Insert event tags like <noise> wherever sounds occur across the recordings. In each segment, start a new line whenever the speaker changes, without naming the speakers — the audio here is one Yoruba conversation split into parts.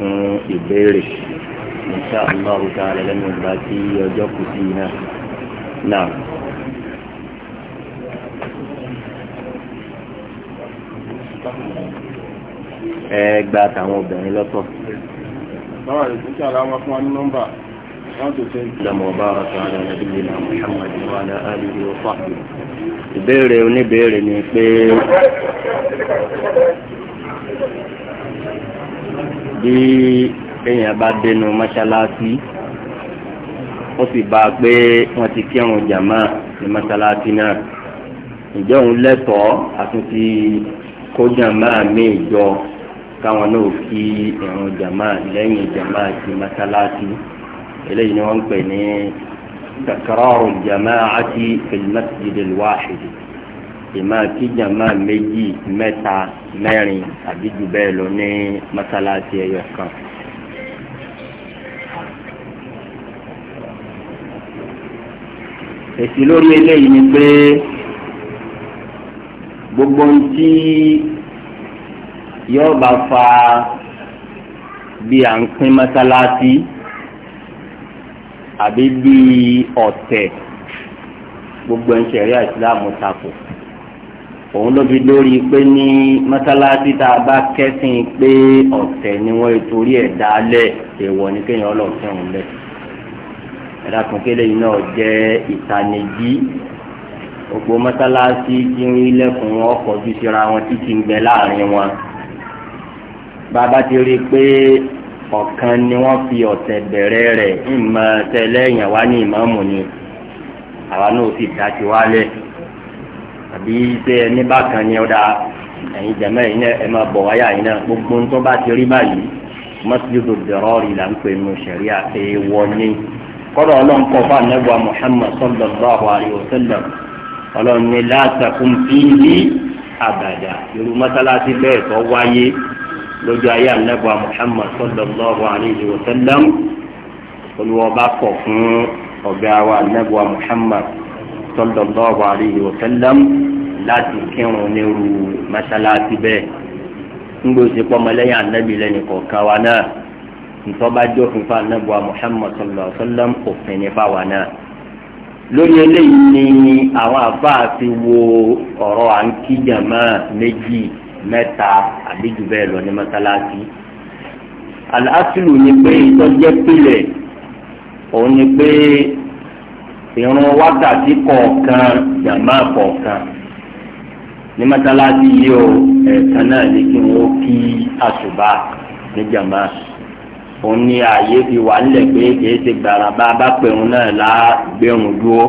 fún ìbéèrè insha Allah ta'ala lẹ́nu ìgbà tí ọjọ́ kù sí iná náà. ẹ gba àtàwọn obìnrin lọ́tọ̀.
báwa lè tún ṣàlàyé wọn fún wa ní nọ́mbà. اللهم وبارك على نبينا محمد وعلى آله وصحبه
ìbéèrè oníbéèrè ni pé bí èèyàn bá dénú mọ́ṣáláṣí ó sì bá a pé wọ́n ti kírun jàmá ní mọ́ṣáláṣí náà ǹjẹ́ òun lẹ́tọ̀ọ́ àtúntì kó jàmá mi jọ káwọn náà kí ìrun jàmá lẹ́yìn jàmá ti mọ́ṣáláṣí eléyìí ni wọ́n ń pè ní takraru jamaati fil masjid al ìmá kíjà máa méjì mẹ́ta mẹ́rin àbí jù bẹ́ẹ̀ lọ ní mọ́sálásí ẹyọ kan. èsì lórí eléyìí ni pé gbogbo ń tí yóò bá fa bí à ń pín mọ́sálásí àbí bí ọ̀tẹ̀ gbogbo ń ṣẹ̀rí àìsílámù takò òun ló fi dórí pé ní mọ́sálásí tá a bá kẹ́sìn pé ọ̀tẹ̀ ni wọ́n torí ẹ̀ dálẹ̀ èèwọ̀ ní kéèyàn ọlọ́ọ̀tẹ̀ òun lẹ̀ ẹ̀dá kan kéde yìí náà jẹ́ ìtànìjí gbogbo mọ́sálásí tí ń ilẹ̀kùn wọn kọjú síra wọn títí ń bẹ láàrin wọn bàbá ti rí i pé ọ̀kan ni wọ́n fi ọ̀tẹ̀ bẹ̀rẹ̀ rẹ̀ ìmọ̀ tẹ́lẹ̀ yẹn wá ní ìmọ̀ọ́mù ni àwa náà sì dá ti wálẹ̀ sí pé ẹni bá kan ni ọ̀dà ẹ̀yin jẹ̀mẹ́ yìí náà ẹ máa bọ̀ wáyà yìí náà gbogbo ń tó bá ti rí báyìí mọ́sílùdù dọ̀rọ̀ rí là ń pè nù sẹ̀ríà èèwọ̀ ni kọ́dọ̀ ọlọ́run kọ́ fún anábọ̀ muhammad sallallahu alayhi wa sallam ọlọ́run ni àbàdà irú mọ́sálásí bẹ́ẹ̀ tó wáyé lójú ayé anábọ̀ muhammad sallallahu alayhi wa sallam olùwọ́ba fún ọ̀gá wa anábọ̀ muhammad sallallahu alayhi wa láti kírun nírú mọ́ṣáláṣí bẹ́ẹ̀ ńgbòsí pọ́mọlẹ́yìn anábì lẹ́nu kọ̀ọ̀kan wa náà ntọ́ba jófin fún anábùwà muhammad sallallahu alayhi wa sallam òfin ní fáwa náà lórí eléyìí ni àwọn àfáà ti wo ọ̀rọ̀ à ń kí jàmá méjì mẹ́ta àbíjù bẹ́ẹ̀ lọ ní mọ́ṣáláṣí aláṣìlù ni pé ìtọ́jẹ́ pilẹ̀ òun ni pé ìrún wákàtí kọ̀ọ̀kan jàmá kọ̀ọ̀kan ní mọ́sálásí yìí o ẹ̀ẹ̀kan náà ní kí wọ́n kí àṣùbà níjàmbá òun ni ààyè fi wà nílẹ̀ pé kìí ṣe gbàrà bá a bá pẹ̀rùn náà lá gbẹ̀rùn dúró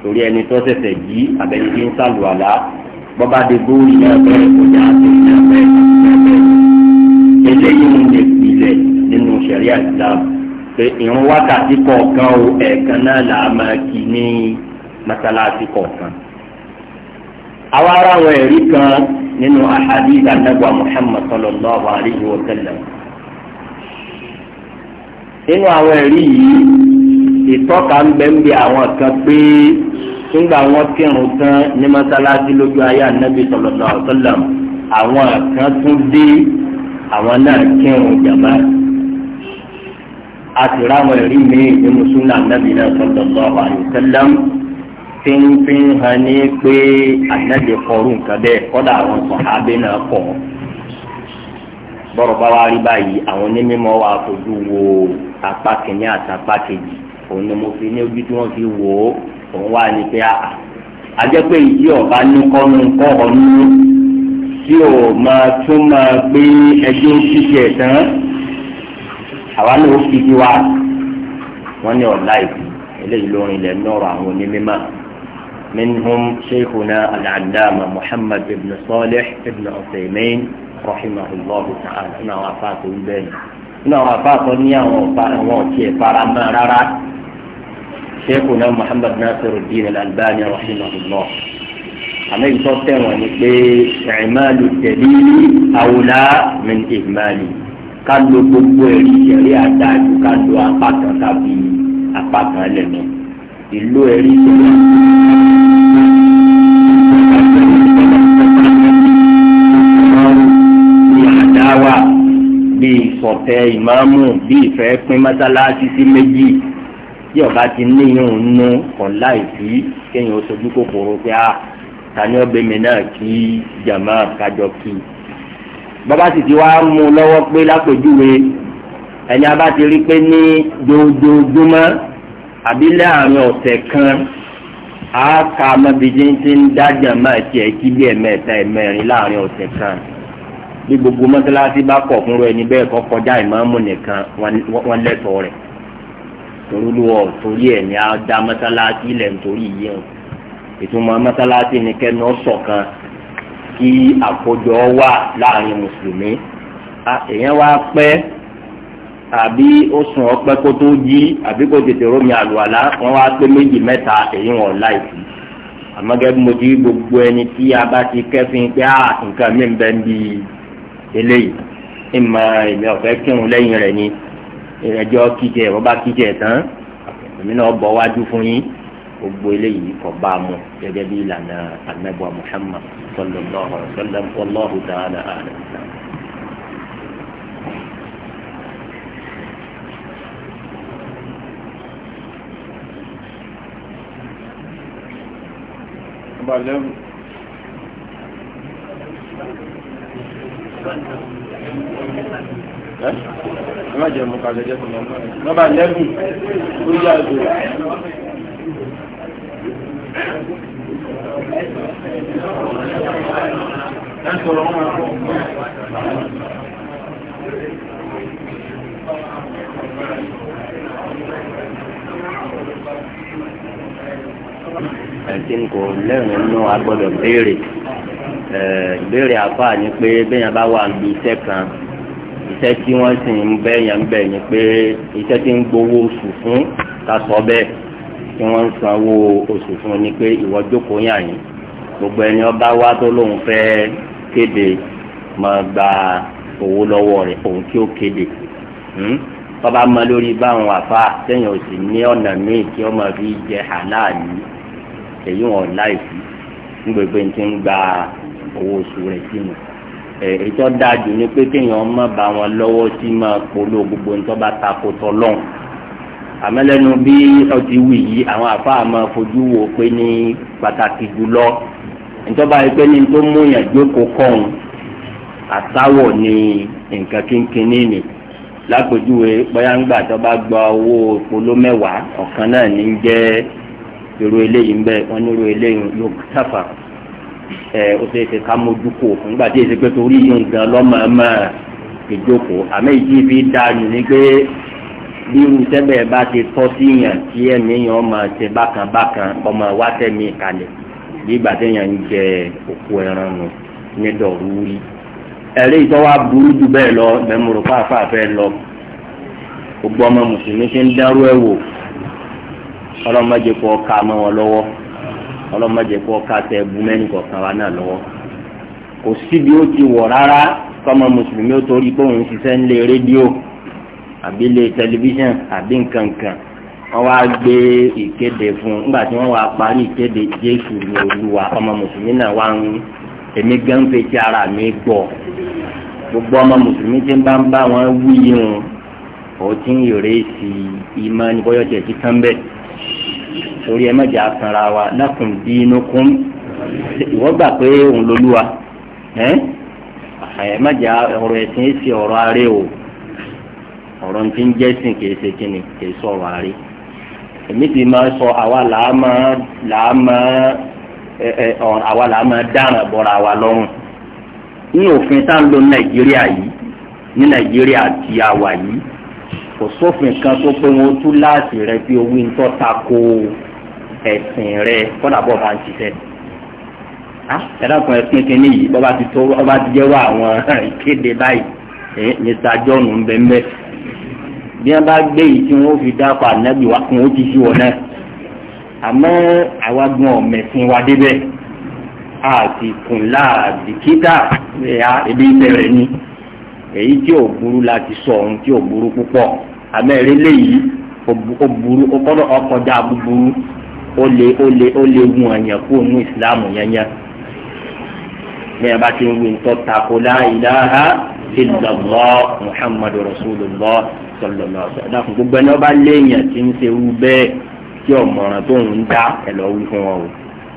torí ẹni tó ṣẹ̀ṣẹ̀ jí àbẹ̀ni tí ń sàlùwàlá bọ́bá de bóòlù náà bẹ́ẹ̀ kọjá àti náà bẹ́ẹ̀ náà bẹ́ẹ̀ eléyìí ń lè pilẹ̀ nínú sẹ̀ríà Islam pé ìrún wákàtí kọ̀ọ̀kan o ẹ̀ẹ̀kan náà là á máa kí ní mọ́sálásí kọ̀ọ̀kan àwa ara àwọn ẹ̀rí kan nínú ahadith anagba muhammad sallallahu alayhi wa sallam nínú àwọn ẹ̀rí yìí ìtọ́ka ń bẹ ń bẹ àwọn kan pé nígbà wọn kírun tán ní mọ́sálásí lójú ayé anabi sallallahu alayhi wa sallam àwọn kan tún dé àwọn náà kírun jàmbá a sì ráwọn ẹ̀rí mi nínú sunnah anabi sallallahu alayhi wa sallam tí ń fi hàn ní pé ànábì kọrú nǹkan bẹ́ẹ̀ kọ́dà àwọn sọ̀hábẹ́ náà kọ̀ bọ́rọ̀ bá wá rí báyìí àwọn onímọ̀ wa fojú wo apá kìíní àti apá kejì òun ni mo fi ní ojú tí wọ́n fi wò ó òun wá ní pé àà ah, àjẹpẹ́ ìdí ọ̀bá ní kọ́nu kọ́ ọ̀nù tí ò máa tún máa gbé ẹjọ́ ṣíṣe ẹ̀tàn àwa náà ó fi di wọ́n ní ọ̀la ìlú eléyìí lórin ilẹ̀ nọ́ọ̀rọ̀ àwọn onímọ̀. منهم شيخنا العلامة محمد بن صالح بن عثيمين رحمه الله تعالى أنا وفاته بين أنا وفاته نياه وفاته فرما رارا شيخنا محمد ناصر الدين الألباني رحمه الله أنا يتوتر إعمال الدليل أولى من إهماله كان لو له قوة الشريعة كان لو أباك كابي أباك لمن
ìlú ẹ̀rí ìṣẹ̀lẹ̀. àdáwà bíi ìfọ̀tẹ̀
ìmáàmù bíi ìfẹ́ pín mọ́sálásí sí méjì tí ọba ti níyàn ń nú ọ̀la ìfí kéèyàn sojú kòkòrò pé a ah, tani ọbẹ̀ mi náà kí jàmá kájọ kí i bàbá sì ti wá mú lọ́wọ́ pé lápèjúwe ẹni abá ti rí pé ní dòdòdúmọ́ àbí láàrin ọ̀sẹ̀ kan a ka ọmọbìnrin tí ń dájà máa ti ẹ̀ kí bí ẹ̀mẹ́ta ẹ̀mẹ́rin láàrin ọ̀sẹ̀ kan bí gbogbo mọ́sálásí bá kọ̀ fún rẹ ní bẹ́ẹ̀ kọ́ kọjá ìmáàmù nìkan wọ́n lẹ́tọ̀ọ́ rẹ̀ torúlùwọ̀ torí ẹ̀ ní a dá mọ́sálásí ilẹ̀ nítorí yìí hàn ìtumọ̀ mọ́sálásí ni kẹ́nu ọ̀sọ̀kan kí àkójọ wà láàrin mùsùlùmí èèyàn wá pẹ́ àbí ó sùn ọpẹ́ kó tó jí àbí kó tètè rómi àlùwàlá wọn wá pé méjì mẹ́ta èyí wọn láìsí àmọ́ gẹ́gẹ́ bí mo ti gbogbo ẹni tí a bá ti kẹ́fín pé a ah, nǹkan mi ń bẹ ń bi eléyìí ìmọ̀ èmi ọ̀fẹ́ kírun lẹ́yìn rẹ̀ ni ẹjọ́ kíjẹ bọ́ bá kíjẹ tán èmi náà bọ̀ wájú fún yín gbogbo eléyìí kò bá a mú gẹ́gẹ́ bí ìlànà ànábì Muhammad sallallahu alaihi wa sallam wallahu wà lẹ́rù
ẹ má jẹ́ mọ́ kàlẹ́ jẹ́ fún ọmọ bá lẹ́rù ó yá ìgbò ẹ Thank you ẹ̀sìn kò lẹ́rìn nínú agbọ́dọ̀ béèrè
ìbéèrè àfa ni pé bẹ́yàn bá wà níbi iṣẹ́ kan iṣẹ́ tí wọ́n sì ń bẹ́yàn bẹ̀ ni pé iṣẹ́ tí ń gbowó oṣù fún ká bẹ́ẹ̀ tí wọ́n ń sanwó oṣù fún ni pé ìwọ jókòó yàn yín gbogbo ẹni ọba wa tó lóun fẹ́ kéde máa gba owó lọ́wọ́ rẹ̀ òun tí ó kéde hmm? tọ́ba mọ lórí báwọn àfa sẹ́yìn òsì ní ọ̀nà míì tí ọmọ fi jẹ àláàlú èyí wọn láì sí ń gbègbè tí ń gba owó oṣù rẹ̀ sí mi ètò dájú ni pé kéèyàn má bá wọn lọ́wọ́ sí máa polo gbogbo nítorí bá kó tọ́ lọ́hùn àmẹ́lẹ́nu bí ti wù yìí àwọn àfáà máa fojú wo pé ní pàtàkì jùlọ nítorí báyìí pé ní tó mú yàn jókòó kọ́hún àtàwọ̀ ni nǹkan kínkínní ni lápèjúwe bóyá ń gbà tó bá gba owó polo mẹ́wàá ọ̀kan náà ní jẹ́ irú eléyìí ń bẹ wọn ní irú eléyìí yóò sáfà ẹ ó ṣe ṣe ká mójú kó nígbà tí èsì pé torí gan ìjókòó fi dáa ní pé bí irú sẹ́bẹ̀ bá ti tọ́ sí yàn tí ẹ̀mí yàn máa ṣe bákan bákan ọmọ wa tẹ̀mí kalẹ̀ ń jẹ òkú ẹran nù ẹ̀rí ìtọ́wá burú jù bẹ́ẹ̀ lọ lọ gbogbo ọmọ mùsùlùmí ṣe ń dárú ẹ̀ wò ọlọ́mọdé kọ́ ká mọ́ wọn lọ́wọ́ ọlọ́mọdé kọ́ ká tẹ búmẹ́nì kọ̀ọ̀kan wa náà lọ́wọ́ kò síbi ó ti wọ̀ rárá kọ́mọ mùsùlùmí ó torí pé òun ṣiṣẹ́ nílé rédíò àbí lé tẹlifíṣàn àbí nǹkan kan wọ́n wá gbé ìkéde fún un nígbà tí wọ́n wá parí ìkéde jésù ní olúwa ọmọ mùsùlùmí náà wá ń èmi mi gbọ́ gbogbo ọmọ mùsùlùmí tí ń bá ń bá wọn ti ń yòrè sí ìmọ̀ ní torí ẹ mẹjẹ asanra wa lákùn bínú kún ìwọ gbà pé òun lolúwa ẹ ẹ mẹjẹ ọ̀rọ̀ ọ̀rọ̀ aré o ọ̀rọ̀ ti ń jẹ́sìn kìí ṣe kíni kìí sọ ọ̀rọ̀ aré èmi ti máa sọ àwa làá máa làá máa ẹ ẹ àwa làá máa dáràn wa òfin tá ń lo nàìjíríà yìí ní nàìjíríà ti àwà yìí kò sófin kan tó pé wọn rẹ bí owó ń tọ́ ta ko ẹ̀sìn rẹ kọ́dà bọ̀ bá ń ṣiṣẹ́ ah, ẹ̀dàkùn ẹ̀sìn kìíní yìí bọ́ba ti tó ọba ti jẹ́wọ́ àwọn ìkéde báyìí mr john ń bẹ bí wọ́n bá gbé yìí tí wọ́n fi dápọ̀ ànábì wá kún ó ti wọn náà àmọ́ àwa ọ̀mẹ̀sìn wa débẹ̀ ẹ̀yà la sọ ohun tí ò burú púpọ̀ àmọ́ ó burú ó kọ́ búburú. ó lé ó lé ó lé gun àyàn kúrò ní ìsìláàmù yányá ní ẹ bá ti ń wí nǹkan tako láìláha ìlọlọ muhammadu rasulillah sọlọlọ sọdọ fún gbogbo ẹni ọba léèyàn tí ń ṣe wú bẹ́ẹ̀ tí ọmọràn tó ń dá ẹ lọ wí fún wọn o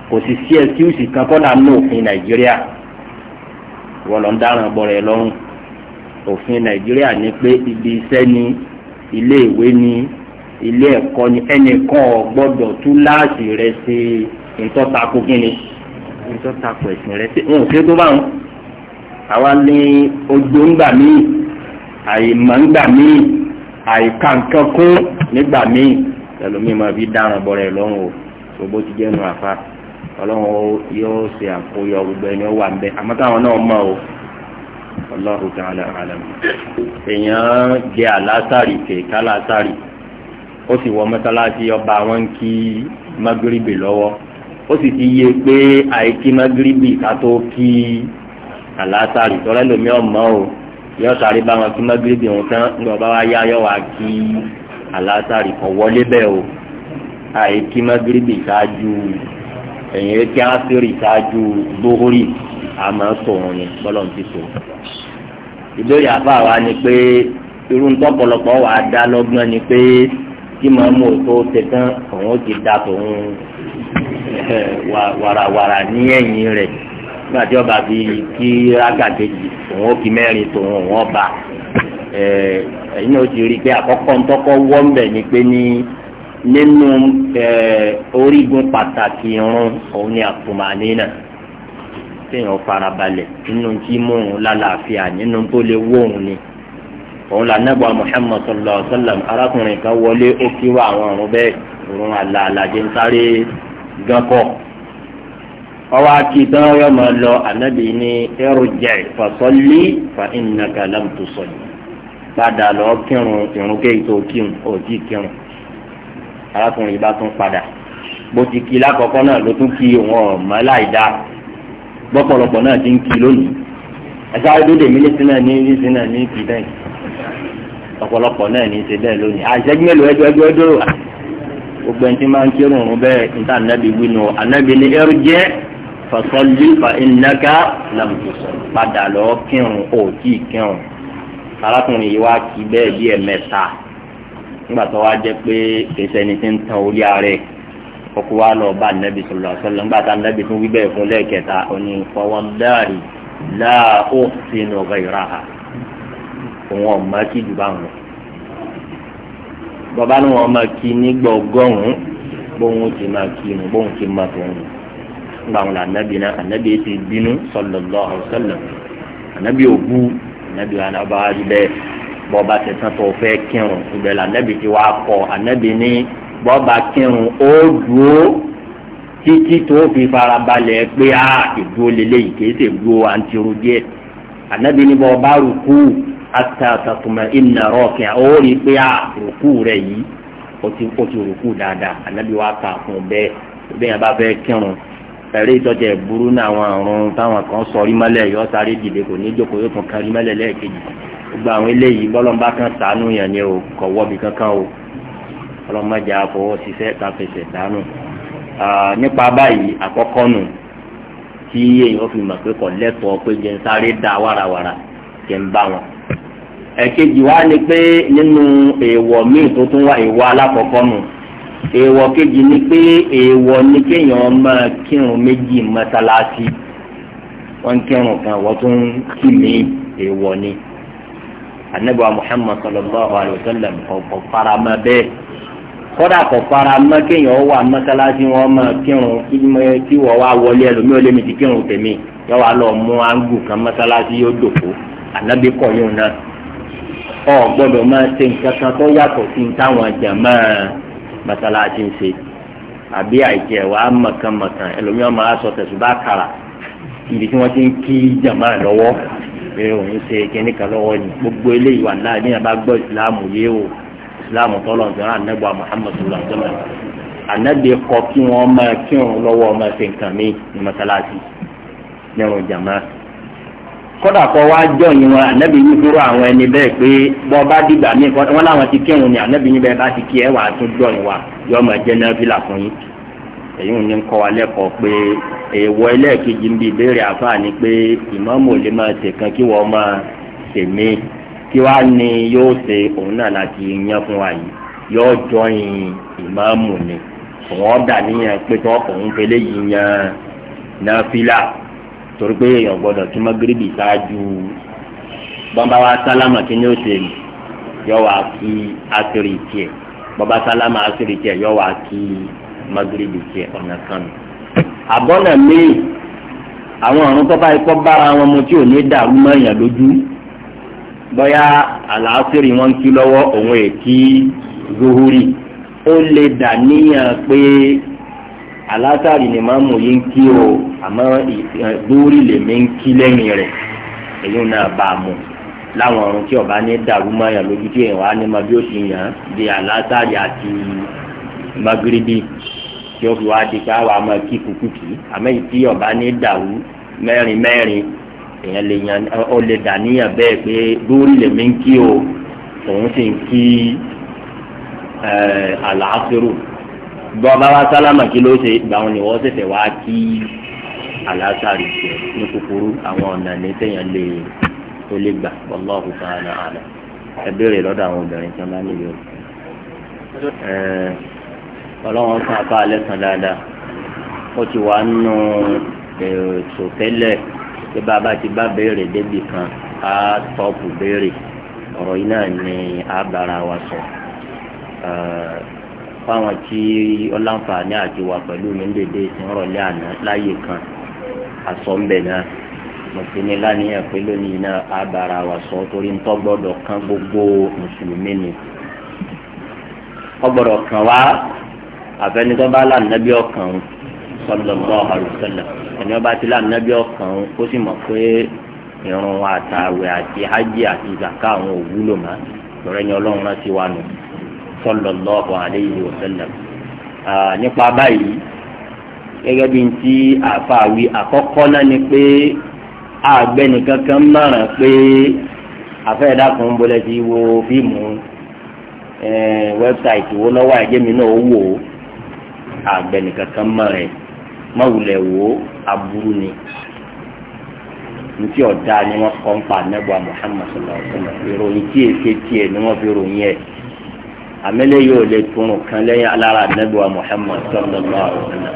kò sì sí ẹsíùsì kan kọ́dà ní òfin nàìjíríà wọ́n lọ ń dáràn bọ̀rẹ̀ lọ́rùn òfin nàìjíríà ní pé ibi iṣẹ́ ni ilé ìwé ni ilé ẹ̀kọ́ ni ẹnìkan ò gbọ́dọ̀ tú láàṣì rẹ ṣe ìtọ́tako kínni ìtọ́tako ẹ̀sìn rẹ ṣe wọn ò ṣe tó bá wọn. àwa ní ojú ńgbà míì àìmọ̀ ńgbà míì àìka nǹkan kún nígbà míì ẹlòmíì máa fi dáràn bọ̀rẹ̀ lọ́rùn o gbogbo ti jẹ́ nu àfa ọlọ́run yóò ṣe àkóyọ gbogbo ẹni ó wà ń bẹ àmọ́ táwọn náà mọ̀ o ọlọ́run tó ń alẹ́ àlẹ́ mi. èèyàn jẹ́ àlásàrì kèéká lásàrì ó sì wọ mọ́sálásí ọba àwọn kí magrebi lọ́wọ́ ó sì ti yé pé àìkí magrebi ká tó kí àlásàrì tọ́lẹ́ lómi ọ̀mọ́ o yọ sáré bá wọn kí magrebi wọn tán ní ọba wa yá yọ wá kí àlásàrì kan wọlé bẹ́ẹ̀ o àìkí magrebi ṣáájú ẹ̀yìn kí á sèrè ṣáájú gbóhórì àmọ́ sòrò yẹn bọ́lọ̀ ti sò. ìbéèrè àbá wa ni pé irú ntọ́pọ̀lọpọ̀ wà á dá lọ́gbọ́n ni pé tí màá mú tó ṣe òun ti da tòun <laughs> wàràwàrà ní ẹ̀yìn rẹ̀ nígbà ọba fi kí rágàkejì òun ó mẹ́rin tòun òun ọba ẹ̀yin náà ti rí i pé àkọ́kọ́ ńtọ́kọ́ wọ́ńbẹ̀ ni pé ní nínú orígun pàtàkì irun òun ni àtùmọ̀ní náà téèyàn farabalẹ̀ nínú tí mò ń lálàáfíà nínú tó lè wó òun ni òun là nàbọ Muhammad sallallahu alaihi wa sallam arákùnrin kan wọlé ó kí wá àwọn ọrùn bẹ́ẹ̀ òun àlàalàjẹ ń sáré gánkọ ọwọ akitan yóò máa lọ anabi ní irji fasalli fa innaka lam tusalli padà lọ kírun irun kéyìí tó kírun ó ti kírun arákùnrin bá tún padà bó ti kí lákọ̀ọ́kọ́ náà ló tún kí òun ọ̀mọ aláìda gbọ́pọ̀lọpọ̀ náà ti ń kí lónìí ẹ̀ka ọdún dèmí ọ̀pọ̀lọpọ̀ náà ní í ṣe bẹ́ẹ̀ lónìí àṣẹjú mélòó ẹjọ́ ẹjọ́ dúró wa gbogbo ẹni tí máa ń kírun òun bẹ́ẹ̀ níta ànábì wínú ànábì ní ẹrú jẹ́ fasọ́lì fa ìnáka làmùtòsọ̀ padà lọ kírun ó tí ì kírun arákùnrin yìí wá kí bẹ́ẹ̀ bí ẹ̀mẹ́ta nígbà tó wá jẹ́ pé kèsẹ́ ni ti ń tan orí ààrẹ kókó wá lọ bá ànábì sọ̀rọ̀ sọ̀rọ̀ nígbà tá ànábì tún wí bẹ́ẹ̀ fún lẹ́ẹ̀kẹta òní fọwọ́ dáàrí láà ó sínú ọ̀gá ìrà òun ọ̀ma kí jù bá wọn. bàbá ni wọn máa kí nígbà ọgọ́rùn-ún bóun ti máa kí nu bóun ti máa tó nu. nígbà wọn ànábì náà ànábì ti bínú sọlọlọ ọsọlọ ànábì ògú ànábì anábà ibẹ bọba tẹsán tó fẹ kírun ibẹ la ànábì ti wá kọ ànábì ní bọba kírun ó dúró títí tó fi farabalẹ̀ pé a ìdúró lélẹ́yìí kì í ṣe dúró àǹtí rú díẹ̀ ànábì ní bọba rú atatuma ina rọọkì ó rí pé a rùkú rẹ yìí ó ti ó ti rùkú dáadáa anabi wa kà fún bẹ́ẹ̀ bẹ́ẹ̀ yẹn bá fẹ́ kírun ẹrí ìtọjẹ burú ní àwọn àrùn táwọn kan sọrí mọ́lẹ̀ yọ sáré dìde kò ní jókòó yóò tún kárí gbogbo àwọn eléyìí kan sànú yẹn ni o kọ wọbi kankan o dànù nípa báyìí nù tí èèyàn fi pé pé sáré dá bá wọn. ẹ̀kejì wá ni pé nínú èèwọ̀ míì tó tún wá èèwọ̀ alákọ̀ọ́kọ́ nù èèwọ̀ kejì ni pé èèwọ̀ ni kéèyàn máa kírun méjì mọ́sálásí wọ́n ń kírun kan wọ́n tún kí mi èèwọ̀ ni anabiwa muhammad sallallahu alayhi wa sallam kò fara mọ́ bẹ́ẹ̀ kódà kò fara mọ́ kéèyàn wà mọ́sálásí wọ́n máa kírun kí wọ́n wá wọlé ẹlòmíràn lèmi ti kírun tèmi yọ wá lọ mú áńgù kan mọ́sálásí yóò dòkó anabi kọ̀ yóò náà ọ gbọ́dọ̀ máa ṣe nǹkan kan tó yàtọ̀ sí táwọn àjàmá mọ́sálásí ń ṣe àbí àìjẹ wa mọ̀kànmọ̀kàn ẹlòmíràn máa sọ tẹ̀sùbá kàrà ibi tí wọ́n ti ń kí jàmá lọ́wọ́ pé òun ṣe kíní kan lọ́wọ́ ni gbogbo eléyìí wà láàyè ní àbá gbọ́ ìsìláàmù yé o ìsìláàmù tọ́lọ̀ ń sọ̀rọ̀ ànágbà muhammadu sallallahu alayhi wa sallam ànágbè kọ kí wọ́n máa kírun lọ́wọ́ máa ṣe nǹkan mí ní mọ́sálásí ní ọ̀rùn jàmá kódà kọ wá jọ yín wọn ànábì yín dúró àwọn ẹni bẹ́ẹ̀ pé bọ́ dìgbà míì kọ́ wọn láwọn ti kírun ni ànábì yín bẹ́ẹ̀ bá ti kí ẹ wà á tún jọ yín wa yọ ọmọ ẹjẹ náà fìlà fún yín èyí ò ní kọ́ wa lẹ́kọ̀ọ́ pé èèwọ̀ ẹlẹ́ẹ̀kejì ń bi ìbéèrè àfáà ni pé ìmáàmù ò lè máa ṣèkan kí wọ́n máa ṣèmí kí wàá ní yóò ṣe òun náà láti yan fún wa yìí yóò jọyìn ni òun ọ̀dà níyàn pé tọ́ òun fẹlẹ́ yìí yan torí pé èèyàn gbọ́dọ̀ tún magrebi ṣáájú bọ́nba wa sálámà kí ni ó ṣe asiri tiẹ̀ bọ́nba sálámà asiri tiẹ̀ yọ wá kí tiẹ̀ ọ̀nà kan nù. míì àwọn ọ̀run tó bá ikọ́ bára wọn mo tí ò ní dàrú mọ́ èèyàn lójú bọ́yá àlàáfíìrì wọn kí lọ́wọ́ zuhuri ó lè dà níyàn pé alátàrí ni màmú yìí ń kí o àmọ́ dórí lèmi ń kí lẹ́yìn rẹ̀ èyí náà bá a mú láwọn ọ̀run tí ọba ní dàrú mayà lójú tí èèyàn wá ní ma bí ó ti yàn án di alátàrí àti magiribi tí ó fi wá di pé àwa máa kí kùkùkì àmọ́ èyí tí ọba ní dàrú mẹ́rin mẹ́rin èèyàn lè yàn ọ lè dàníyàn bẹ́ẹ̀ pé dórí lèmi ń kí o òun sì ń kí àlàáfẹ́rù bọ́ bàbá sálámà kí ló ṣe ìgbà wọn ni wọ́n ṣẹ̀ṣẹ̀ wá kí aláṣàrì jẹ ní kúkúrú àwọn ọ̀nà ní sẹ́yìn lè tó lè gbà ọlọ́ọ̀kú sáánà àlà ẹ béèrè lọ́dọ̀ àwọn obìnrin tí wọ́n bá nílò ọlọ́wọ́n fún apá alẹ́ kan dáadáa ó ti wà nù ètò tẹ́lẹ̀ pé bàbá ti bá béèrè débì kan á tọ́pù béèrè ọ̀rọ̀ yìí náà ni àbára wa sọ. fáwọn tí ọláǹfààní àti wà pẹ̀lú mi ń dèdè àná láyè kan àsọ̀ǹbẹ̀ náà mùsùlùmí lánìyàn pé lónìí náà á bára sọ torí ń kan gbogbo mùsùlùmí ni kan wá àfẹnitọ́ba lànàbí ọkàn sọlọ́mọ ẹni ọba ti lànàbí ọkàn ó sì mọ̀ pé àtàwẹ̀ zaka àwọn òwúlò má lọ́rẹ́ ni ọlọ́run rántí wa nù. sallallahu alayhi wa sallam. nípa báyìí gẹ́gẹ́ bí n ti àfàwí àkọ́kọ́ náà ni pé àgbẹ̀nì kankan márùn pé afẹ́dàkùn bọ́lẹ̀ ti wo fíìmù wẹ́bsáìtì wo lọ́wọ́ àìjẹ́mi náà wò ó àgbẹ̀nì kankan márùn mọ̀wùlẹ̀ wò ó aburú ni ntí ọ̀dà ni wọ́n kọ́ ń pa anábọ̀ Muhammad ìròyìn tí èké ni wọ́n àmẹ́lẹ́ yóò lè túnrùn kan lẹ́yìn alára nẹ́bùwà muhammad sọ́dọ̀lá ọ̀sánà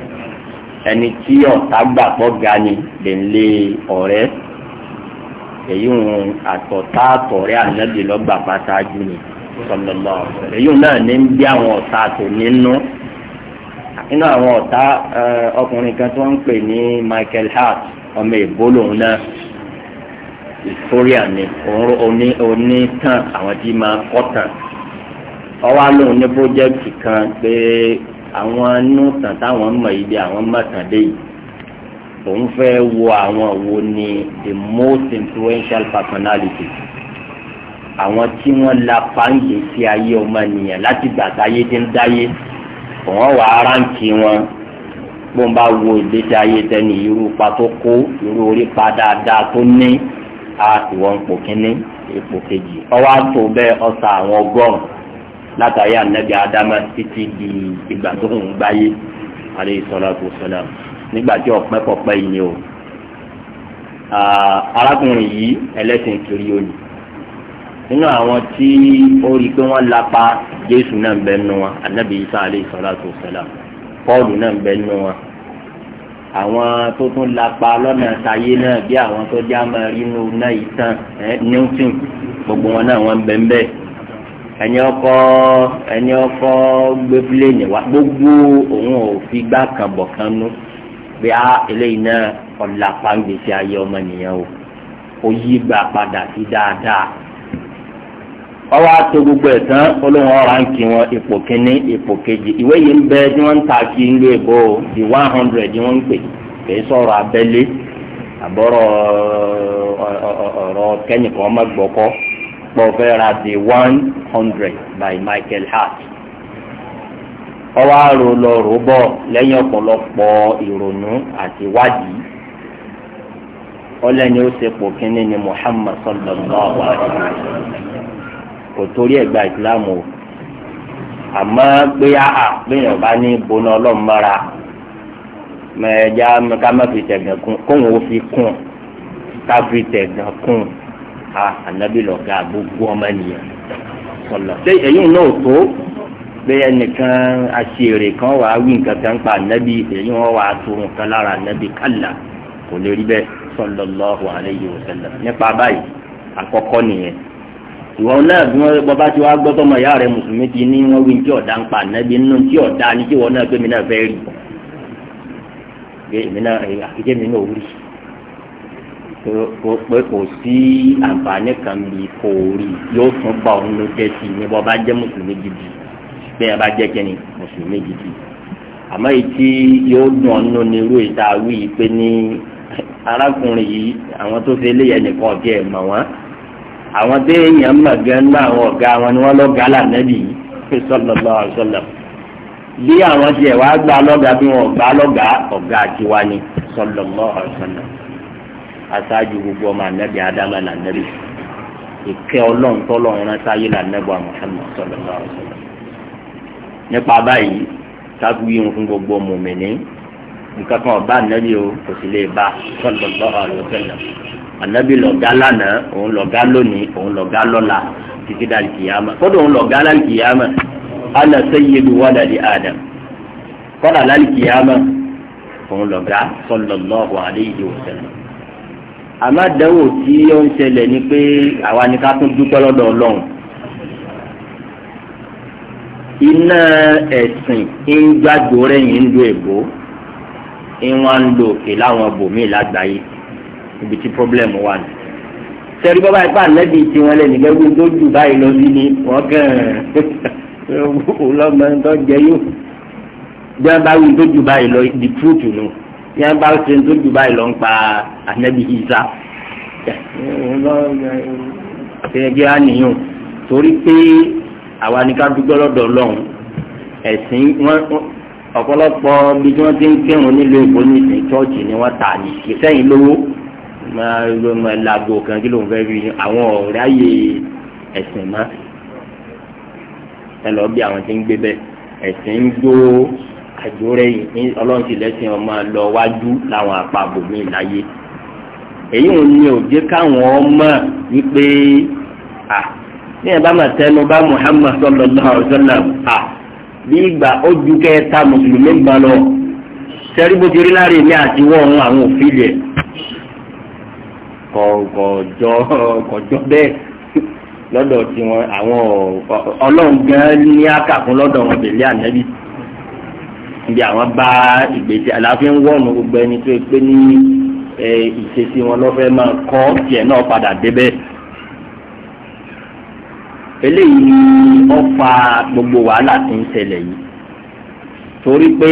ẹni tí ọ̀tá gbà pọ̀ ga ni lè ń lé ọ̀rẹ́ èyí ń àtọ̀tá àtọ̀rẹ́ ànábì lọ́gbà pátájú ni sọ́dọ̀lá ọ̀sánà èyí náà ní ń bí àwọn ọ̀tá tó nínú inú àwọn ọ̀tá ọkùnrin kan tó ń pè ní michael hart ọmọ èbó lòun náà historian ni òun tán àwọn tí máa kọ́ tán ọwọ́ alóhùn ní bójẹ́tì kan pé àwọn nùtàn táwọn mọ̀ yìí bí àwọn mọ̀tàn dé yìí òun fẹ́ wo àwọn wo ni the most influential personality àwọn tí wọ́n la pàǹgì sí ayé ọmọnìyàn láti gbà táyé ti ń dáyé òun wà ráǹkì wọn bó ń bá wo ìgbésí ayé tẹni irú pa tó kó irú orí pa dáadáa tó ní a ìwọ̀n kínní ipò kejì ọwọ́ àtò bẹ́ẹ̀ ọ̀sà àwọn ọgọ́rùn-ún látàrí ànábì adama títí di ìgbà tó ń gbáyé alẹ́ ìsọ̀lọ́tò sọ̀lá nígbà tí ọ̀pẹ́ pọ̀pẹ́ yìí ni o arákùnrin yìí ẹlẹ́sìn kiri òní nínú àwọn tí ó rí i pé wọ́n lapa jésù náà bẹ́ nu wọn ànábì isa alẹ́ ìsọ̀lọ́tò sọ̀lá pọ́ọ̀lù náà bẹ́ nu wọn àwọn tó tún lapa lọ́nà àtàyé náà bí àwọn tó já máa rí inú náà ìtàn newton gbogbo wọn náà wọ́n bẹ́ẹ̀ bẹ́ẹ̀. ẹni ọkọ ẹni ọkọ gbé pílẹ̀nì wa gbogbo òun ò fi gbá kan bọ̀ kan nú bí a eléyìí o ó yí gbà padà sí dáadáa ọwọ́ ato gbogbo ẹ̀ tán olóhùn ọ̀rá ń kí wọn ipò kínní ipò kejì ìwé yìí ń bẹ tí wọ́n di one hundred ni wọ́n ń pè kìí sọ̀rọ̀ abẹ́lé àbọ̀rọ̀ ọ̀rọ̀ pọ̀fẹ́ the by Michael Hart ọwọ́ àrò lọ rò lẹ́yìn ọ̀pọ̀lọpọ̀ ìrònú àti ìwádìí ọlẹ́ni ó ṣe pò ni Muhammad sallallahu alaihi wa kò torí ẹ̀gbà ìsìlámù o àmọ́ pé àà gbìyànjú bá ní bọ́nà ọlọ́mọ́ra mẹ́ẹ̀ẹ́dá ká má fi tẹ̀gàn kún kóun ó fi kún ká fi tẹ̀gàn a ànábì lọ́gà gbogbo ọmọ nìyẹn sọlọ. ṣé èyí náà tó pé ẹnìkan aṣèrè kan wàá wí nǹkan kan pa ànábì èyí wọn wàá tó nǹkan lára ànábì kálà kò lè rí bẹ́ẹ̀ sọlọ lọ́hùn àlẹ́yìn òṣèlè nípa báyìí àkọ́kọ́ nìyẹn ìwọ náà bí wọn bọba tí wàá gbọ́ tọmọ ìyá rẹ mùsùlùmí ti ní wọn wí ní tí ọ̀dà ń pa ànábì nínú tí ọ̀dà ni tí ìwọ náà gbé mi náà fẹ́ rí gbé mi náà àkíjẹ́ mi náà wúrí pé kò sí àǹfààní kan bí kò rí yóò tún bá òun ló jẹ́ sí i ní bọ́ bá jẹ́ mùsùlùmí gidi bẹ́ẹ̀ bá jẹ́ kẹ́ni mùsùlùmí gidi àmọ́ èyí tí yóò dùn ọ́nú ni irú ìta wí pé ní arákùnrin yìí àwọn tó fi eléyẹ nìkan ọ̀gẹ́ ẹ̀ mọ̀ wọ́n àwọn tó èèyàn mọ̀ gan ní àwọn ọ̀gá wọn ni wọ́n lọ́gàá lànàbì yìí sọ́lọ́lọ́ sọ́lọ́ bí àwọn tiẹ̀ wá gbà lọ́gàá bí wọn ọ̀gá lọ́gàá ọ̀gá àtiwá ni sọ́lọ́lọ́ sọ́lọ́ aṣáájú gbogbo ọmọ anabi adama là nabi ìkẹ́ ọlọ́run tọ́lọ́run rán sáyé là nabi Muhammad sallallahu nípa báyìí sábú yìí fún gbogbo mùmìnì nǹkan kan ọba anabi o kò sì lè bá sallallahu alaihi anabi lọ̀gá lánàá òun lọ̀gá lónìí òun lọ̀gá lọ́la títí dàlí kìyàmà kódà òun lọ̀gá lálí kìyàmà ana sayyidu waladi adam kódà lálí kìyàmà òun lọ̀gá sallallahu alaihi wasallam àmàdánwò tí ó ń ṣẹlẹ̀ ni pé àwa ni ká tún dúpẹ́ lọ́dọ̀ ọlọ́run iná ẹ̀sìn ń gbàgbó rẹ̀yìn ń lo èbó ìwọ̀n ń lo òkè láwọn bòmíì lágbàáyé ibi tí pọ́blẹ́mù wà ní. sẹ́rí bọ́bá ipá lẹ́bi tí wọ́n lẹ́nu gẹ́gẹ́ tó jù báyìí lọ sí ni wọ́n kàn án <laughs> lọ́mọ tó jẹ yóò bí wọ́n tó jù báyìí lọ di túùtù nù. No tí wọ́n bá ṣe ń tó jù báyìí lọ ń pa ànábì Ìsá ṣẹ́jẹ́ àníyàn torí pé àwa ni ká dúpẹ́ lọ́dọ̀ Ọlọ́run ẹ̀sìn wọn ọ̀pọ̀lọpọ̀ bí wọ́n ti ń kírun nílùú èkó ní ìsìn chọ́ọ̀chì ni wọ́n tà ní ìsẹ́yìn lówó máa làgò kan kí ló ń fẹ́ fi àwọn ọ̀rẹ́ ayé ẹ̀sìn mọ́ ẹ lọ bí àwọn ti ń gbé bẹ́ẹ̀ ẹ̀sìn ń gbó àjòrè yìí ọlọ́run sì lẹ́sìn ọmọ lọ wájú láwọn àpapọ̀ mi láyé èyí ò ní òjé káwọn ọmọ wípé à ní mà tẹnu bá muhammad sallallahu alaihi à bí ìgbà ó ju kẹta mùsùlùmí lọ sẹ́rí bó ti rí láre mi àti wọ́n àwọn òfin lẹ̀ kọ̀ọ̀kọ̀jọ́ kọ̀jọ́ níbi àwọn bá ìgbésí àlàáfíà ń wọ̀nù gbogbo ẹni tó pé ní ìṣesí wọn lọ́fẹ́ máa kọ́ tiẹ̀ náà padà débẹ̀. eléyìí ni ó fa gbogbo wàhálà tí ń ṣẹlẹ̀ yìí torí pé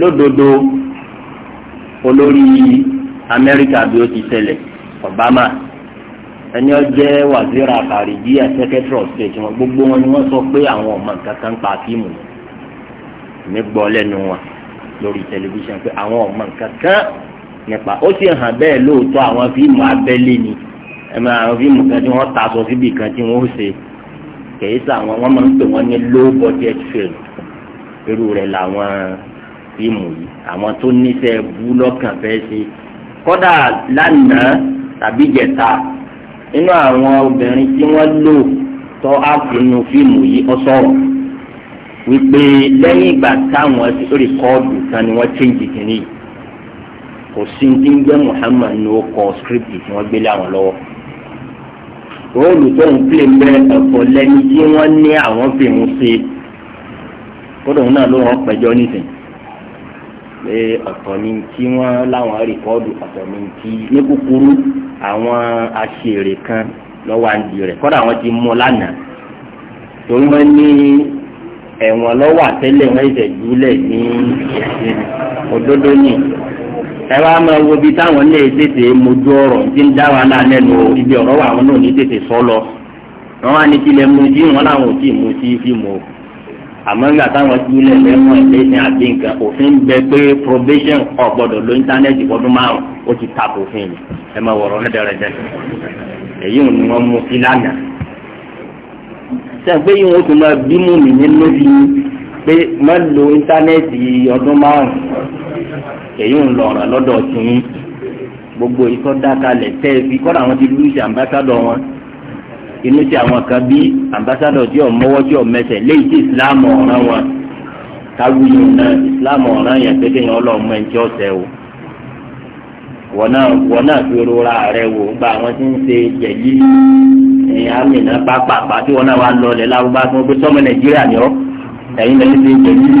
lódodo olórí amẹ́ríkà bí ó ti ṣẹlẹ̀ obama ẹni ọjẹ́ wazira kàrídíà secretary of state wọn gbogbo wọn ni wọ́n sọ pé àwọn ọmọ nǹkan kan pa fíìmù yẹn ní gbọ́ lẹ́nu wọn lórí tẹlifíṣàn pé àwọn ọmọ nǹkan kan nípa ó sì hàn bẹ́ẹ̀ lóòótọ́ àwọn fíìmù abẹ́lé ni ẹ máa àwọn fíìmù kan tí wọ́n ta sọ síbi kan tí wọ́n ó ṣe kèé sà wọn wọ́n máa ń pè wọ́n ní low budget film irú rẹ̀ làwọn fíìmù yìí àwọn tó níṣẹ́ bú lọ́kàn fẹ́ ṣe kódà lánàá tàbí jẹta nínú àwọn obìnrin tí wọ́n lò tọ́ àfinú fíìmù yìí ọ wípé lẹ́yìn ìgbà táwọn rìkọ́ọ̀dù kan ni wọ́n chẹ́ǹjì kìíní kò sí ní ń gbé muhammad ní ó kọ script tí wọ́n gbé láwọn lọ́wọ́ róòlù tó ń pè mbẹ ẹ̀fọ́ lẹ́ni tí wọ́n ní àwọn fi ń ṣe kódà òun náà ló rán pẹ̀jọ́ nísìnyí pé ọ̀tọ̀ ni tí wọ́n láwọn rìkọ́ọ̀dù ọ̀tọ̀ ni tí ní kúkúrú àwọn aṣèrè kan lọ́wọ́ àǹdí rẹ̀ kódà àwọn ti mú lánàá torí wọ́n ní. ẹ̀wọ̀n lọ́wọ́ àtẹ́lẹ̀ wọn ẹ̀jẹ̀ júlẹ̀ ní òdodo ní ẹ wá máa wo ibi táwọn náà ètètè mojú ọrọ̀ tí ń dá náà lẹ́nu ibi ọ̀rọ̀ wà àwọn náà ní tètè sọ lọ wọn wá ní tilẹ̀ mu wọn mu sí àmọ́ nígbà táwọn lẹ́wọ̀n ní àbí nǹkan òfin lo íńtánẹ́ẹ̀tì fọdún márùn ó ti ta kò máa wọ̀rọ̀ sẹ́gbẹ́ yìí wọ́n tún máa bímú mi nínú bí pé má lo íńtánẹ́ẹ̀tì ọdún márùn-ún èyí ń lọ ọ̀ràn lọ́dọ̀ tìyín gbogbo ikọ́ dákalẹ̀ tẹ́ ẹ fi kọ́ra àwọn ti lùsì àmbásádọ̀ wọn inú sí àwọn kan bí àmbásádọ̀ tí ò mọ́wọ́ tí ò mẹsẹ̀ léyìí tí ìsìláàmù ọ̀ràn wọn káwíyìn náà ìsìláàmù ọ̀ràn yẹn pé kéèyàn ọlọ́mọ ẹ̀ ń tí ọ̀sẹ̀ o wọ́n náà fi rora rẹ wò gba àwọn tí ń ṣe jẹ̀lí ní amina bá pàpà tí wọn náà wà lọlẹ lárúbá tí wọn gbé sọmọ nàìjíríà ni ọ ẹyin náà ti jẹ ní